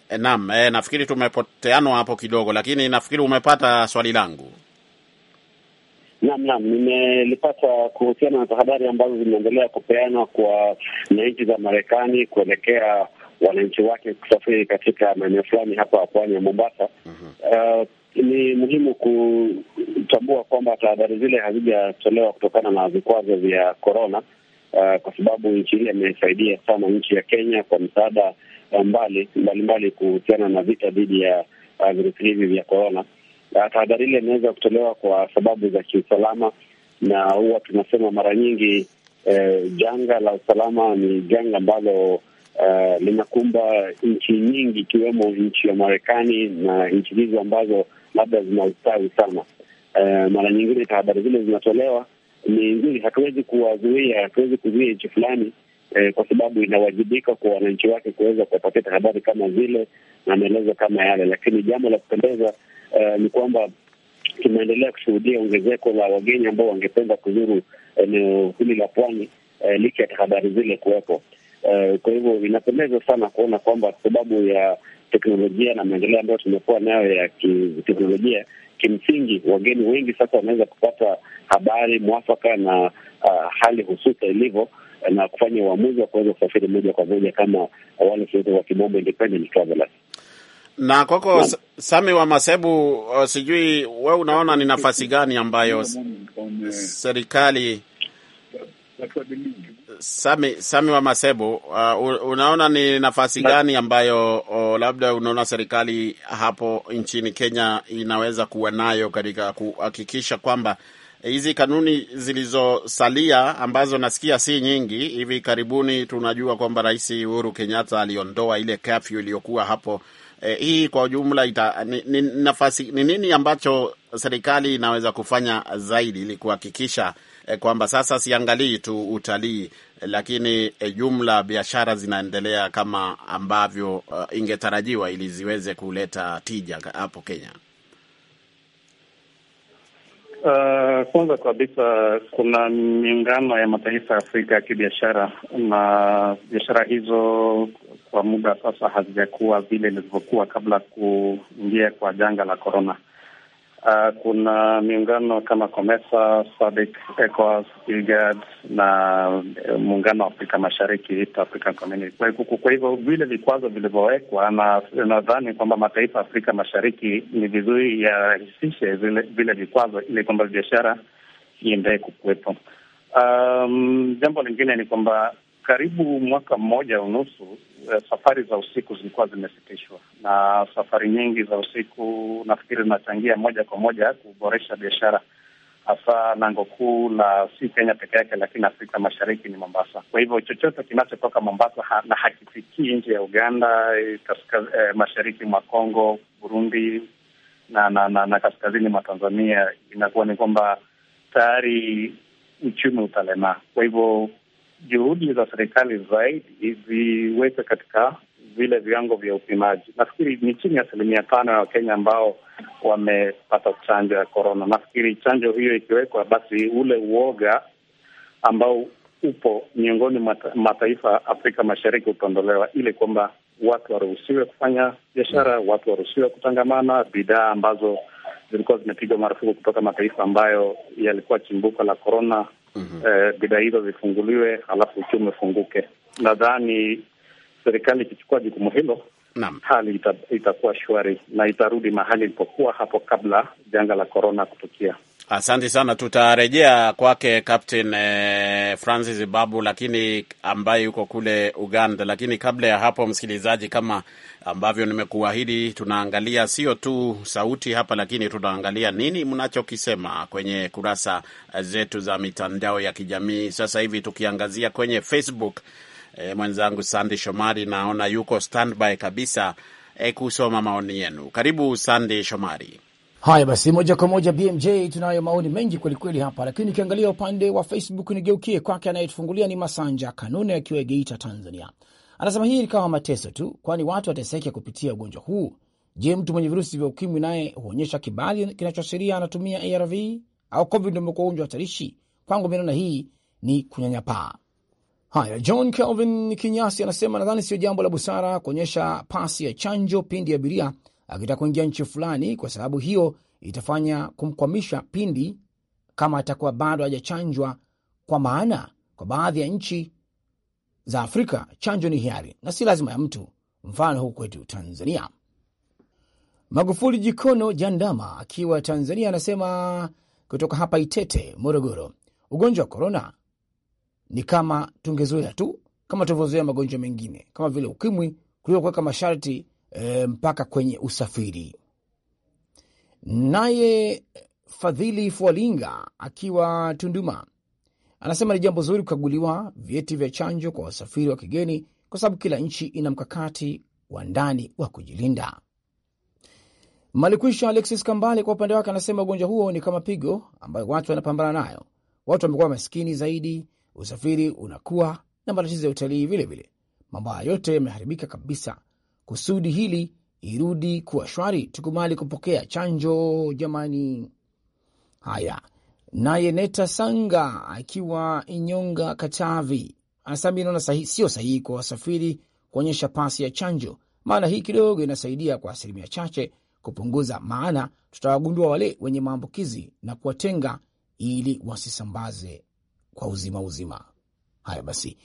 A: E, naam. E, nafikiri tumepoteanwa hapo kidogo, lakini nafikiri umepata swali langu.
E: Naam, naam, nimelipata kuhusiana na tahadhari ambazo zimeendelea kupeanwa kwa na nchi za Marekani kuelekea wananchi wake kusafiri katika maeneo fulani hapa pwani ya Mombasa. uh -huh. uh, ni muhimu kutambua kwamba tahadhari zile hazijatolewa kutokana na vikwazo vya korona, uh, eh, kwa sababu nchi hii imesaidia sana nchi ya Kenya kwa msaada eh, mbali mbalimbali kuhusiana na vita dhidi ya uh, virusi hivi vya korona. Uh, tahadhari ile inaweza kutolewa kwa sababu za kiusalama, na huwa tunasema mara nyingi uh, janga la usalama ni janga ambalo uh, eh, linakumba nchi nyingi ikiwemo nchi ya Marekani na nchi hizo ambazo labda zinaustawi sana. Uh, mara nyingine tahadhari zile zinatolewa ni nzuri, hatuwezi kuwazuia, hatuwezi kuzuia nchi fulani eh, kwa sababu inawajibika kwa wananchi wake kuweza kuwapatia tahadhari kama zile na maelezo kama yale, lakini jambo la kupendeza eh, ni kwamba tumeendelea kushuhudia ongezeko la wageni ambao wangependa kuzuru eneo hili la pwani eh, licha ya tahadhari zile kuwepo. Uh, kwa hivyo inapendeza sana kuona kwamba sababu ya teknolojia na maendeleo ambayo tumekuwa nayo ya kiteknolojia, kimsingi wageni wengi sasa wanaweza kupata habari mwafaka na uh, hali hususa ilivyo eh, na kufanya uamuzi wa kuweza kusafiri moja kwa moja kama wale sote wa kimombo independent travelers.
A: Na kwako Sami wa Masebu, uh, sijui we unaona ni nafasi gani ambayo serikali Sami, Sami wa Masebo, uh, unaona ni nafasi gani ambayo uh, labda unaona serikali hapo nchini Kenya inaweza kuwa nayo katika kuhakikisha kwamba hizi kanuni zilizosalia ambazo nasikia si nyingi. Hivi karibuni tunajua kwamba Rais Uhuru Kenyatta aliondoa ile kafyu iliyokuwa hapo. E, hii kwa ujumla ita, ni, ni, nafasi ni nini ambacho serikali inaweza kufanya zaidi ili kuhakikisha Eh, kwamba sasa siangalii tu utalii, lakini eh, jumla biashara zinaendelea kama ambavyo uh, ingetarajiwa ili ziweze kuleta tija hapo Kenya?
F: Uh, kwanza kabisa kuna miungano ya mataifa ya Afrika ya kibiashara, na biashara hizo kwa muda sasa hazijakuwa vile ilivyokuwa kabla kuingia kwa janga la korona. Uh, kuna miungano kama COMESA, SADC, ECOWAS, IGAD na eh, muungano wa Afrika Mashariki, East African Community. Kwa hivyo vile vikwazo vilivyowekwa, na nadhani kwamba mataifa ya Afrika Mashariki ni vizuri yarahisishe vile vikwazo ili kwamba biashara iendee kukuwepo. Um, jambo lingine ni kwamba karibu mwaka mmoja unusu eh, safari za usiku zilikuwa zimesitishwa, na safari nyingi za usiku nafikiri zinachangia moja kwa moja kuboresha biashara, hasa lango kuu la si Kenya peke yake, lakini Afrika Mashariki ni Mombasa. Kwa hivyo chochote kinachotoka Mombasa ha, na hakifikii nje ya Uganda, eh, kaskaz, eh, mashariki mwa Kongo, Burundi na na, na, na kaskazini mwa Tanzania, inakuwa ni kwamba tayari uchumi utalemaa. Kwa hivyo juhudi za serikali zaidi ziwekwe katika vile viwango vya upimaji. Nafikiri ni chini ya asilimia tano ya Wakenya ambao wamepata chanjo ya korona. Nafikiri chanjo hiyo ikiwekwa, basi ule uoga ambao upo miongoni mwa mataifa Afrika Mashariki utaondolewa, ili kwamba watu waruhusiwe kufanya biashara, watu waruhusiwe kutangamana, bidhaa ambazo zilikuwa zimepigwa marufuku kutoka mataifa ambayo yalikuwa chimbuko la korona mm -hmm. hizo zifunguliwe, halafu uchumi ufunguke. Nadhani serikali ikichukua jukumu hilo Naam. Hali ita, itakuwa shwari na itarudi mahali ilipokuwa hapo kabla janga la korona kutukia.
A: Asante sana, tutarejea kwake Captain eh, Francis Babu lakini ambaye yuko kule Uganda. Lakini kabla ya hapo, msikilizaji, kama ambavyo nimekuahidi, tunaangalia sio tu sauti hapa, lakini tunaangalia nini mnachokisema kwenye kurasa zetu za mitandao ya kijamii. Sasa hivi tukiangazia kwenye Facebook, eh, mwenzangu Sandy Shomari naona yuko standby kabisa eh, kusoma maoni yenu. Karibu Sandy Shomari.
D: Haya basi, moja kwa moja BMJ, tunayo maoni mengi kwelikweli hapa, lakini ukiangalia upande wa Facebook nigeukie kwake, anayetufungulia ni Masanja Kanune akiwa Geita, Tanzania. Anasema hii ilikawa mateso tu, kwani watu wateseke kupitia ugonjwa huu. Je, mtu mwenye virusi vya ukimwi naye huonyesha kibali kinachoashiria anatumia ARV au COVID ndio umekuwa ugonjwa hatarishi? Kwangu minaona hii ni kunyanyapaa. Haya, John Calvin Kinyasi anasema nadhani sio jambo la busara kuonyesha pasi ya chanjo pindi abiria akitaka kuingia nchi fulani, kwa sababu hiyo itafanya kumkwamisha pindi kama atakuwa bado hajachanjwa, kwa maana kwa baadhi ya nchi za Afrika chanjo ni hiari na si lazima ya mtu, mfano huku kwetu Tanzania. Magufuli Jikono Jandama akiwa Tanzania anasema kutoka hapa Itete, Morogoro, ugonjwa wa korona ni kama tungezoea tu kama tulivyozoea magonjwa mengine kama vile ukimwi, kuliko kuweka masharti e, mpaka kwenye usafiri. Naye Fadhili Fualinga akiwa Tunduma anasema ni jambo zuri kukaguliwa vyeti vya chanjo kwa wasafiri wa kigeni, kwa sababu kila nchi ina mkakati wa ndani wa kujilinda. Malikwisha Alexis Kambale kwa upande wake anasema ugonjwa huo ni kama pigo ambayo watu wanapambana nayo. Watu wamekuwa maskini zaidi, usafiri unakuwa na matatizo ya utalii vilevile. Mambo haya yote yameharibika kabisa kusudi hili irudi kuwa shwari, tukubali kupokea chanjo jamani. Haya, naye Neta Sanga akiwa Inyonga, Katavi, anasema mi naona sahi, sio sahihi kwa wasafiri kuonyesha pasi ya chanjo, maana hii kidogo inasaidia kwa asilimia chache kupunguza, maana tutawagundua wale wenye maambukizi na kuwatenga ili wasisambaze kwa uzima uzima. Haya basi,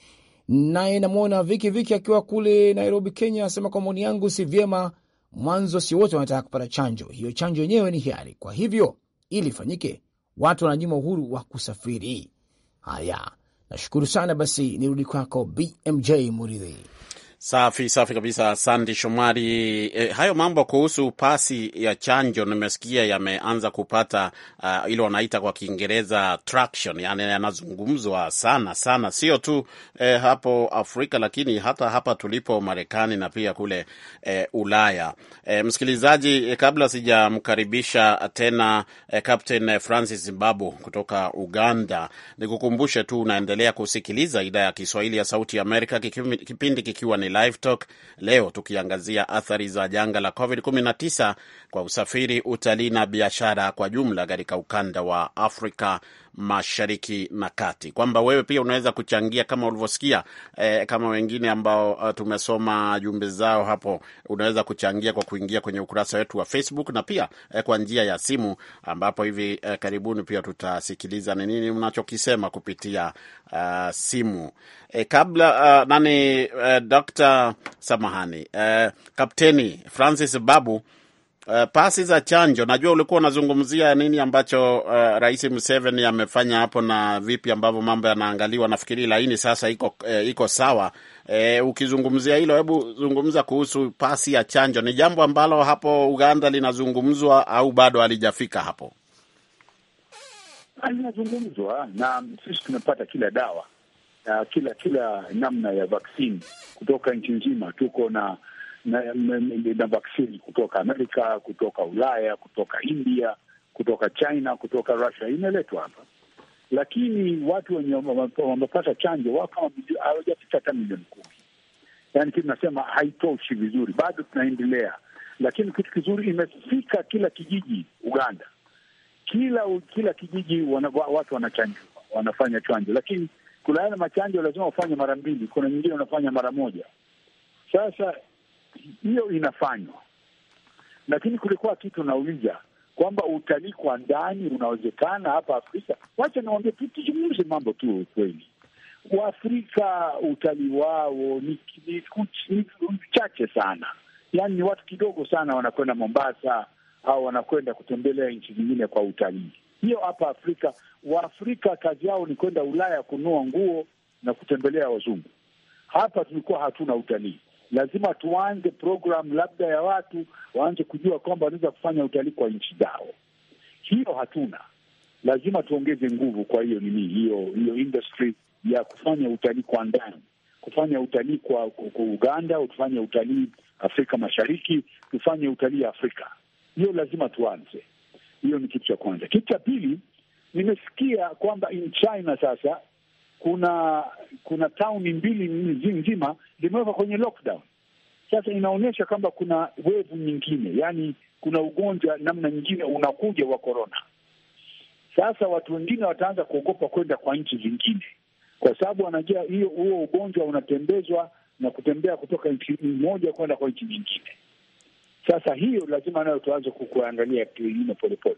D: Naye namwona Viki Viki akiwa kule Nairobi, Kenya, asema kwa maoni yangu si vyema, mwanzo si wote wanataka kupata chanjo hiyo. Chanjo yenyewe ni hiari, kwa hivyo ili ifanyike watu wananyima uhuru wa kusafiri. Haya, nashukuru sana. Basi nirudi kwako BMJ Muridhi.
A: Safi safi kabisa, Sandi Shomari. E, hayo mambo kuhusu pasi ya chanjo nimesikia yameanza kupata uh, ile wanaita kwa Kiingereza traction, yani yanazungumzwa sana sana, sio tu eh, hapo Afrika lakini hata hapa tulipo Marekani na pia kule eh, Ulaya. Eh, msikilizaji eh, kabla sijamkaribisha tena eh, Captain Francis Babu kutoka Uganda, nikukumbushe tu unaendelea kusikiliza idhaa ya Kiswahili ya Sauti ya Amerika, kipindi kikiwa ni Live Talk leo tukiangazia athari za janga la COVID-19 kwa usafiri, utalii na biashara kwa jumla katika ukanda wa Afrika Mashariki na Kati, kwamba wewe pia unaweza kuchangia kama ulivyosikia, e, kama wengine ambao uh, tumesoma jumbe zao hapo. Unaweza kuchangia kwa kuingia kwenye ukurasa wetu wa Facebook na pia e, kwa njia ya simu, ambapo hivi e, karibuni pia tutasikiliza ni nini mnachokisema kupitia uh, simu e, kabla uh, nani uh, Dr. samahani uh, Kapteni Francis Babu Uh, pasi za chanjo, najua ulikuwa unazungumzia nini ambacho uh, Rais Museveni amefanya hapo na vipi ambavyo mambo yanaangaliwa. Nafikiri laini sasa iko, eh, iko sawa. Eh, ukizungumzia hilo, hebu zungumza kuhusu pasi ya chanjo. Ni jambo ambalo hapo Uganda linazungumzwa au bado halijafika hapo?
C: Linazungumzwa na sisi tumepata kila dawa na kila kila namna ya vaksini kutoka nchi nzima, tuko na na, na, na, na vaksini kutoka Amerika, kutoka Ulaya, kutoka India, kutoka China, kutoka Russia imeletwa hapa, lakini watu wenye wamepata chanjo wako hawajafika hata milioni kumi. Yani kitu nasema haitoshi vizuri, bado tunaendelea, lakini kitu kizuri imefika kila kijiji Uganda, kila kila kijiji wana, watu wanachanjwa, wanafanya chanjo, lakini kuna yale machanjo lazima ufanye mara mbili, kuna nyingine unafanya mara moja. Sasa hiyo inafanywa, lakini kulikuwa kitu nauliza kwamba utalii kwa ndani unawezekana hapa Afrika. Wacha niwambie, tuzungumze mambo tu ukweli. Waafrika utalii wao ni, ni, ni chache sana, yaani ni watu kidogo sana wanakwenda Mombasa au wanakwenda kutembelea nchi zingine kwa utalii. Hiyo hapa Afrika, Waafrika kazi yao ni kwenda Ulaya kunua nguo na kutembelea wazungu. Hapa tulikuwa hatuna utalii lazima tuanze programu labda ya watu waanze kujua kwamba wanaweza kufanya utalii kwa nchi zao. Hiyo hatuna, lazima tuongeze nguvu. Kwa hiyo nini, hiyo hiyo industry ya kufanya utalii kwa ndani, kufanya utalii kwa, kwa Uganda, tufanye utalii Afrika Mashariki, tufanye utalii Afrika. Hiyo lazima tuanze. Hiyo ni kitu cha kwanza. Kitu cha pili, nimesikia kwamba in China sasa kuna kuna tauni mbili nzima zimewekwa kwenye lockdown. Sasa inaonyesha kwamba kuna wevu nyingine, yani kuna ugonjwa namna nyingine unakuja wa korona. Sasa watu wengine wataanza kuogopa kwenda kwa nchi zingine, kwa sababu wanajua hiyo huo ugonjwa unatembezwa na kutembea kutoka nchi moja kwenda kwa nchi nyingine. Sasa hiyo lazima nayo tuanze kuangalia kilingine polepole.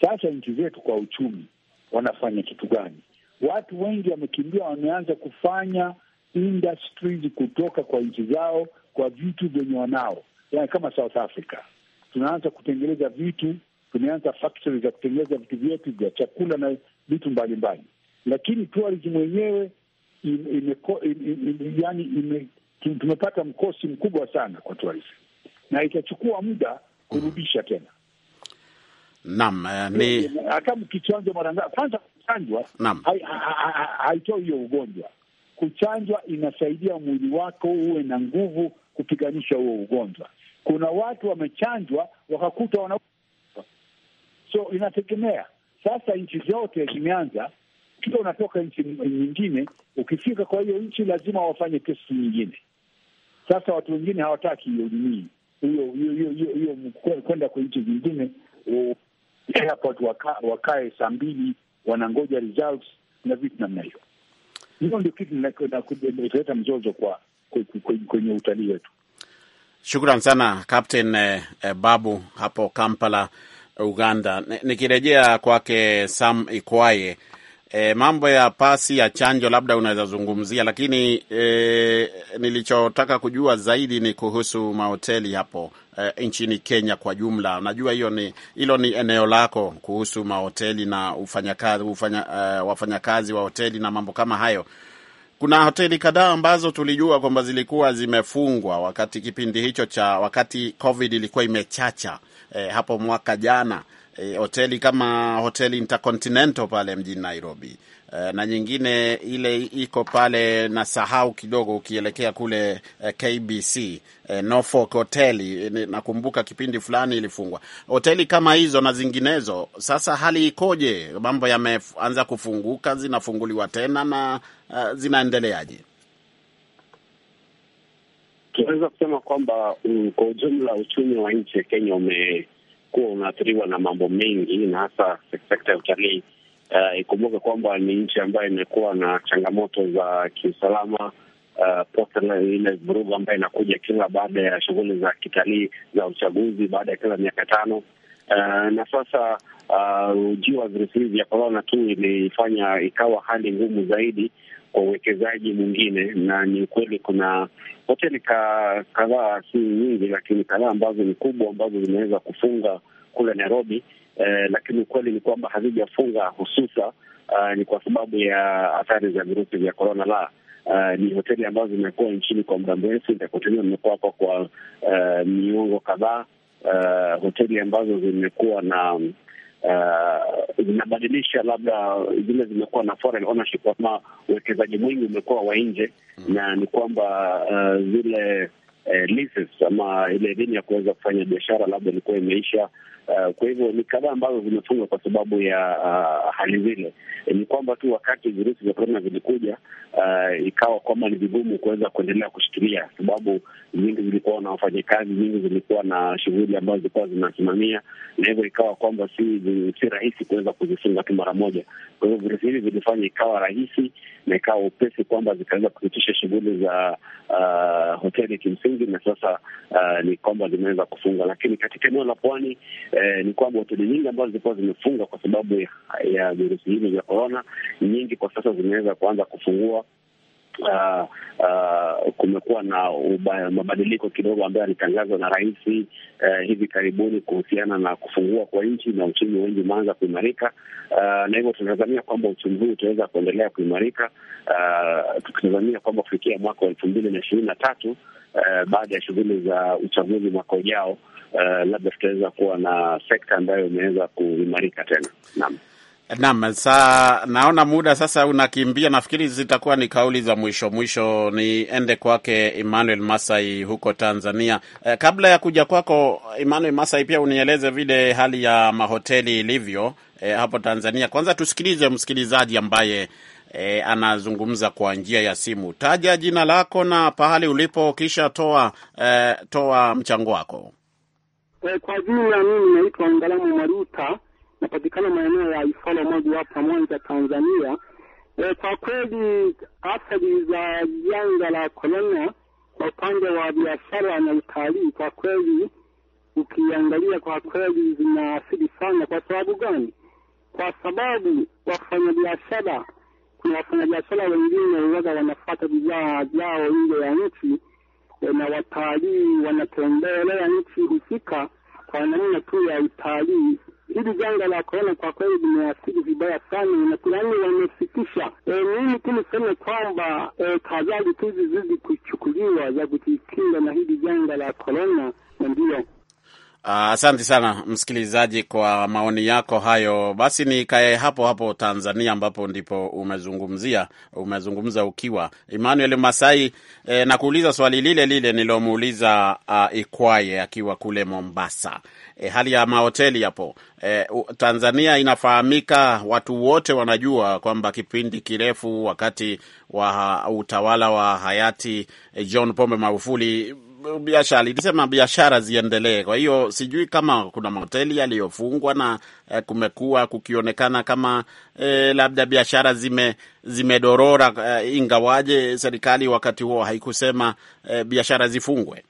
C: Sasa nchi zetu kwa uchumi wanafanya kitu gani? Watu wengi wamekimbia, wameanza kufanya industries kutoka kwa nchi zao kwa vitu vyenye wanao, yani kama South Africa tunaanza kutengeneza vitu, tumeanza factory za kutengeneza vitu vyetu vya chakula na vitu mbalimbali, lakini tourism wenyewe yani tumepata mkosi mkubwa sana kwa tourism na itachukua muda kurudisha tena.
A: Naam, eh, ni
C: hata mkichanja mara ngapi kwanza kuchanjwa haitoi hiyo ugonjwa. Kuchanjwa inasaidia mwili wako uwe na nguvu kupiganisha huo ugonjwa. Kuna watu wamechanjwa wakakuta wana so, inategemea sasa. Nchi zote zimeanza kila unatoka nchi nyingine, ukifika kwa hiyo nchi lazima wafanye testi nyingine. Sasa watu wengine hawataki hiyo nini, hiyo kwenda kwa nchi zingine, airport wakae saa mbili wanangoja results na vitu namna hiyo. Hilo ndio kitu italeta mzozo kwa kwenye
A: utalii wetu. Shukran sana Captain eh, eh Babu hapo Kampala, Uganda. Nikirejea kwake Sam Ikwaye E, mambo ya pasi ya chanjo labda unaweza zungumzia, lakini e, nilichotaka kujua zaidi ni kuhusu mahoteli hapo e, nchini Kenya kwa jumla. Najua hiyo ni hilo ni eneo lako, kuhusu mahoteli na ufanyakazi ufanya, uh, wafanyakazi wa hoteli na mambo kama hayo. Kuna hoteli kadhaa ambazo tulijua kwamba zilikuwa zimefungwa wakati kipindi hicho cha wakati COVID ilikuwa imechacha e, hapo mwaka jana e, hoteli kama hoteli Intercontinental pale mjini Nairobi e, na nyingine ile iko pale na sahau kidogo, ukielekea kule e, KBC e, Norfolk hoteli e, nakumbuka kipindi fulani ilifungwa hoteli kama hizo na zinginezo. Sasa hali ikoje? Mambo yameanza kufunguka, zinafunguliwa tena na uh, zinaendeleaje?
E: Tunaweza kusema kwamba mm, kwa ujumla uchumi wa nchi ya Kenya ume kuwa unaathiriwa na mambo mengi na hasa sekta ya utalii. Uh, ikumbuke kwamba ni nchi ambayo imekuwa na changamoto za kiusalama uh, ile vurugu ambayo inakuja kila baada ya shughuli za kitalii za uchaguzi baada ya kila miaka tano
D: uh, na
E: sasa ujio uh, wa virusi hivi vya korona tu ilifanya ikawa hali ngumu zaidi kwa uwekezaji mwingine, na ni ukweli kuna hoteli kadhaa, si nyingi, lakini kadhaa ambazo ni kubwa ambazo zimeweza kufunga kule Nairobi eh, lakini ukweli ni kwamba hazijafunga hususa Uh, ni kwa sababu ya athari za virusi vya korona. La, uh, ni hoteli ambazo zimekuwa nchini kwa muda mrefu, itakoteliwa imekuwa hapa kwa uh, miongo kadhaa, uh, hoteli ambazo zimekuwa na uh, zinabadilisha labda zile zimekuwa na foreign ownership, ama uwekezaji mwingi umekuwa wa nje mm. na ni kwamba uh, zile eh, leases ama ile idhini ya kuweza kufanya biashara labda ilikuwa imeisha Uh, kwa hivyo ni kadhaa ambazo zimefungwa kwa sababu ya uh, hali zile. Eh, ni kwamba tu wakati virusi vya korona vilikuja, uh, ikawa kwamba ni vigumu kuweza kuendelea kushikilia, sababu nyingi zilikuwa na wafanyakazi, nyingi zilikuwa na shughuli ambazo zilikuwa zinasimamia, na hivyo ikawa kwamba si, si rahisi kuweza kuzifunga tu mara moja. Kwa hivyo virusi hivi vilifanya ikawa rahisi na ikawa upesi kwamba zikaweza kusitisha shughuli za uh, hoteli kimsingi, na sasa uh, ni kwamba zimeweza kufunga, lakini katika eneo la pwani eh, ni kwamba hoteli nyingi ambazo zilikuwa zimefungwa kwa sababu ya, virusi hivi vya korona, nyingi kwa sasa zimeweza kuanza kufungua uh, uh, kumekuwa na mabadiliko kidogo ambayo yalitangazwa na rais uh, hivi karibuni kuhusiana na kufungua kwa nchi na uchumi wengi umeanza kuimarika, uh, na hivyo tunatazamia kwamba uchumi huu utaweza kuendelea kuimarika, uh, tukitazamia kwamba kufikia mwaka wa elfu mbili na ishirini na tatu uh, baada ya shughuli za uchaguzi mwaka ujao, uh, labda tutaweza kuwa na sekta ambayo imeweza kuimarika tena. Naam.
A: Naam, saa naona muda sasa unakimbia. Nafikiri zitakuwa ni kauli za mwisho mwisho. Niende kwake Emmanuel Masai huko Tanzania. E, kabla ya kuja kwako Emmanuel Masai, pia unieleze vile hali ya mahoteli ilivyo e, hapo Tanzania. Kwanza tusikilize msikilizaji ambaye e, anazungumza kwa njia ya simu. Taja jina lako na pahali ulipo, kisha toa e, toa mchango wako.
E: kwa jina mimi naitwa Ngalamu Maruta napatikana maeneo ya Ifala moja hapa Mwanza, Tanzania. E, kwa kweli athari za janga la korona kwa upande wa biashara na utalii, kwa kweli ukiangalia, kwa kweli zinaathiri sana. Kwa sababu gani? Kwa sababu wafanyabiashara, kuna wafanyabiashara wengine waga wanafata bidhaa zao nje ya nchi e, na watalii wanatembelea nchi husika kwa namna tu ya utalii hili janga la korona kwa kweli limeathiri vibaya sana, na
F: wamefikisha
E: e, Mimi tu niseme kwamba e, tahadhari tu zizidi kuchukuliwa za kujikinga na hili janga la korona, na ndio
A: Ah, asante uh, sana msikilizaji kwa maoni yako hayo. Basi nikae hapo hapo Tanzania, ambapo ndipo umezungumzia umezungumza ukiwa Emmanuel Masai. Eh, kuuliza swali lile lile nilomuuliza uh, ah, Ikwaye akiwa kule Mombasa. Eh, hali ya mahoteli hapo eh, Tanzania inafahamika, watu wote wanajua kwamba kipindi kirefu wakati wa utawala wa hayati eh, John Pombe Magufuli biashara ilisema biashara ziendelee. Kwa hiyo sijui kama kuna mahoteli yaliyofungwa na eh, kumekuwa kukionekana kama eh, labda biashara zime zimedorora eh, ingawaje serikali wakati huo haikusema eh, biashara zifungwe.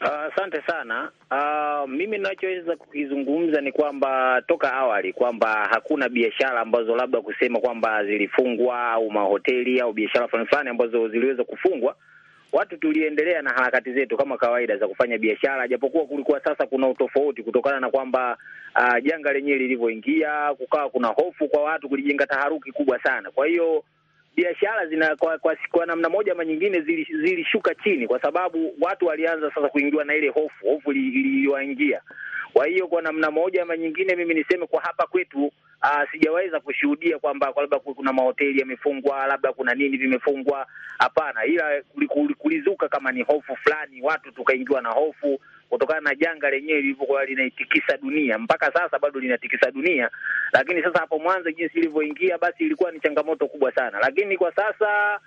B: Asante uh, sana. Uh, mimi ninachoweza kukizungumza ni kwamba toka awali kwamba hakuna biashara ambazo labda kusema kwamba zilifungwa au mahoteli au biashara fulani fulani ambazo ziliweza kufungwa watu tuliendelea na harakati zetu kama kawaida za kufanya biashara, japokuwa kulikuwa sasa kuna utofauti kutokana na kwamba uh, janga lenyewe lilivyoingia, kukawa kuna hofu kwa watu, kulijenga taharuki kubwa sana. Kwa hiyo biashara zina kwa, kwa, kwa namna moja ama nyingine zilishuka zili chini, kwa sababu watu walianza sasa kuingiwa na ile hofu, hofu iliyoingia. Kwa hiyo kwa namna moja ama nyingine, mimi niseme kwa hapa kwetu uh, sijaweza kushuhudia kwamba kwa labda kuna mahoteli yamefungwa, labda kuna nini vimefungwa, hapana, ila kulizuka kama ni hofu fulani, watu tukaingiwa na hofu kutokana na janga lenyewe lilivyokuwa linaitikisa dunia. Mpaka sasa bado linatikisa dunia, lakini sasa hapo mwanzo jinsi ilivyoingia, basi ilikuwa ni changamoto kubwa sana, lakini kwa sasa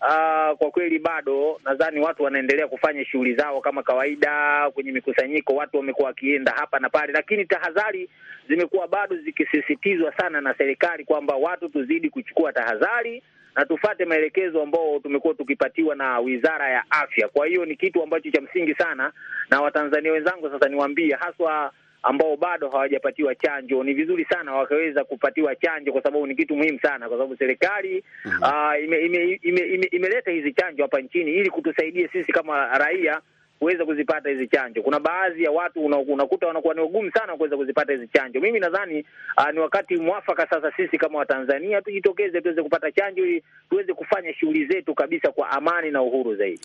B: uh, kwa kweli bado nadhani watu wanaendelea kufanya shughuli zao kama kawaida. Kwenye mikusanyiko watu wamekuwa wakienda hapa na pale, lakini tahadhari zimekuwa bado zikisisitizwa sana na serikali kwamba watu tuzidi kuchukua tahadhari na tufate maelekezo ambao tumekuwa tukipatiwa na Wizara ya Afya. Kwa hiyo ni kitu ambacho cha msingi sana, na Watanzania wenzangu sasa niwaambie haswa ambao bado hawajapatiwa chanjo, ni vizuri sana wakaweza kupatiwa chanjo, kwa sababu ni kitu muhimu sana, kwa sababu serikali mm -hmm. uh, ime, ime, ime, ime, imeleta hizi chanjo hapa nchini ili kutusaidia sisi kama raia kuweza kuzipata hizi chanjo. Kuna baadhi ya watu unakuta wanakuwa ni ugumu sana kuweza kuzipata hizi chanjo. Mimi nadhani uh, ni wakati mwafaka sasa sisi kama Watanzania tujitokeze tuweze kupata chanjo ili tuweze kufanya shughuli zetu kabisa kwa amani na uhuru zaidi.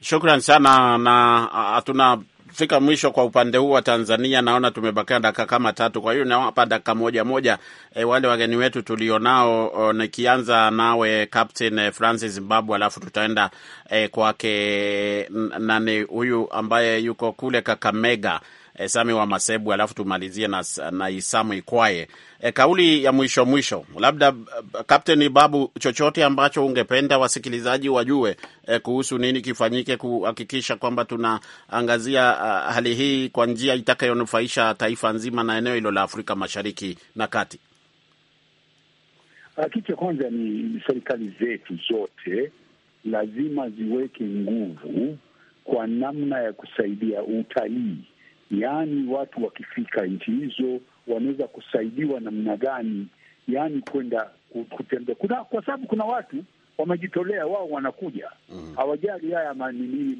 A: Shukran sana na hatuna ah, tunafika mwisho kwa upande huu wa Tanzania. Naona tumebakia dakika kama tatu, kwa hiyo nawapa dakika moja moja e, wale wageni wetu tulionao, nikianza nawe Captain eh, Francis Zimbabwe, alafu tutaenda e, kwake nani huyu ambaye yuko kule Kakamega e, Sami wa Masebu, alafu tumalizie na, na Isamu Ikwaye. E, kauli ya mwisho mwisho, labda Kapteni Babu, chochote ambacho ungependa wasikilizaji wajue e, kuhusu nini kifanyike kuhakikisha kwamba tunaangazia a, hali hii kwa njia itakayonufaisha taifa nzima na eneo hilo la Afrika Mashariki na Kati.
C: Kitu cha kwanza ni serikali zetu zote lazima ziweke nguvu kwa namna ya kusaidia utalii yaani watu wakifika nchi hizo wanaweza kusaidiwa namna gani, yaani kwenda kutembea. Kuna kwa sababu kuna watu wamejitolea, wao wanakuja, mm-hmm. hawajali haya manini,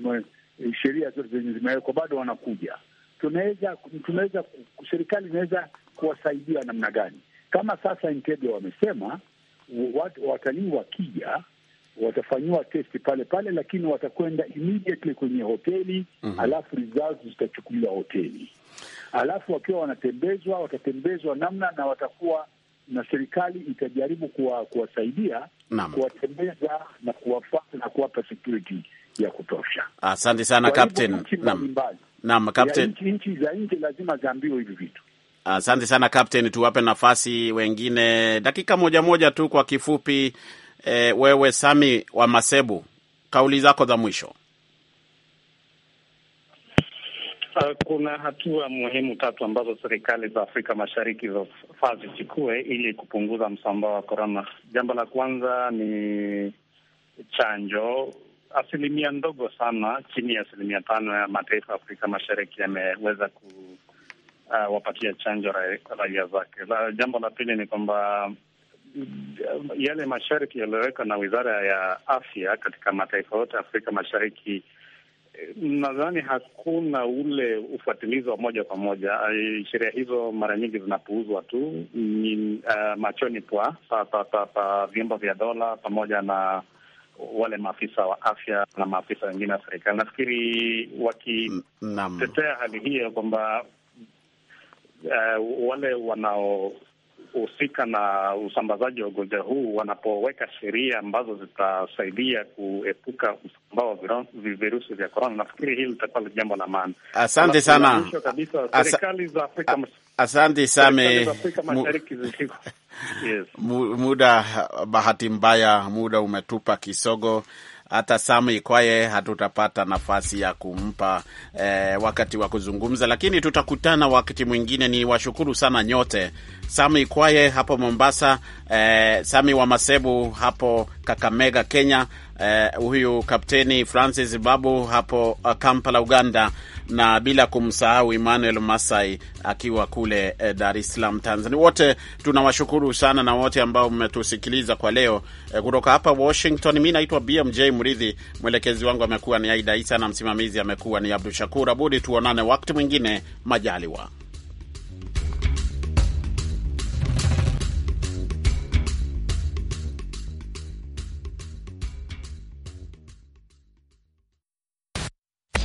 C: eh, sheria zote zenye zimewekwa, bado wanakuja. Tunaweza tunaweza serikali inaweza kuwasaidia namna gani? Kama sasa Entebbe wamesema watalii wakija watafanyiwa testi pale pale, lakini watakwenda immediately kwenye hoteli mm -hmm. Alafu results zitachukuliwa hoteli, alafu wakiwa wanatembezwa watatembezwa namna na watakuwa na serikali itajaribu kuwa, kuwasaidia kuwatembeza na kuwafata na kuwapa security ya
A: kutosha. Asante sana Captain. Naam, Captain,
C: nchi za nje lazima zaambiwe hivi vitu.
A: Asante sana Captain, tuwape nafasi wengine dakika moja moja tu kwa kifupi e, wewe Sami wa Masebu, kauli zako za mwisho.
F: Ah, kuna hatua muhimu tatu ambazo serikali za Afrika Mashariki zafaa zichukue ili kupunguza msambao wa korona. Jambo la kwanza ni chanjo. Asilimia ndogo sana, chini ya asilimia tano ya mataifa ya Afrika Mashariki yameweza ku uh, wapatia chanjo raia zake. La, jambo la pili ni kwamba Mm, yale masharti yaliyowekwa na Wizara ya Afya katika mataifa yote Afrika Mashariki, eh, nadhani hakuna ule ufuatilizi wa moja kwa moja. Eh, sheria hizo mara nyingi zinapuuzwa tu ni uh, machoni pwa pa, pa, pa, pa vyombo vya dola pamoja na wale maafisa wa afya na maafisa wengine wa serikali. Nafikiri wakitetea hali hiyo kwamba uh, wale wanao wanaohusika na usambazaji wa ugonjwa huu wanapoweka sheria ambazo zitasaidia kuepuka usambao wa virusi vya korona, nafikiri hili litakuwa ni jambo la maana. Asante sana, serikali za Afrika
A: asante Same. Yes. Muda bahati mbaya, muda umetupa kisogo hata samu Ikwaye hatutapata nafasi ya kumpa eh, wakati wa kuzungumza, lakini tutakutana wakati mwingine. Ni washukuru sana nyote, samu Ikwaye hapo Mombasa, eh, Sami wa Masebu hapo Kakamega, Kenya, eh, huyu kapteni Francis Babu hapo eh, Kampala, Uganda, na bila kumsahau Emmanuel Masai akiwa kule eh, Dar es Salaam, Tanzania. Wote tunawashukuru sana na wote ambao mmetusikiliza kwa leo eh, kutoka hapa Washington. Mi naitwa BMJ Mridhi, mwelekezi wangu amekuwa ni Aida Isa na msimamizi amekuwa ni Abdu Shakur Abudi. Tuonane wakati mwingine majaliwa.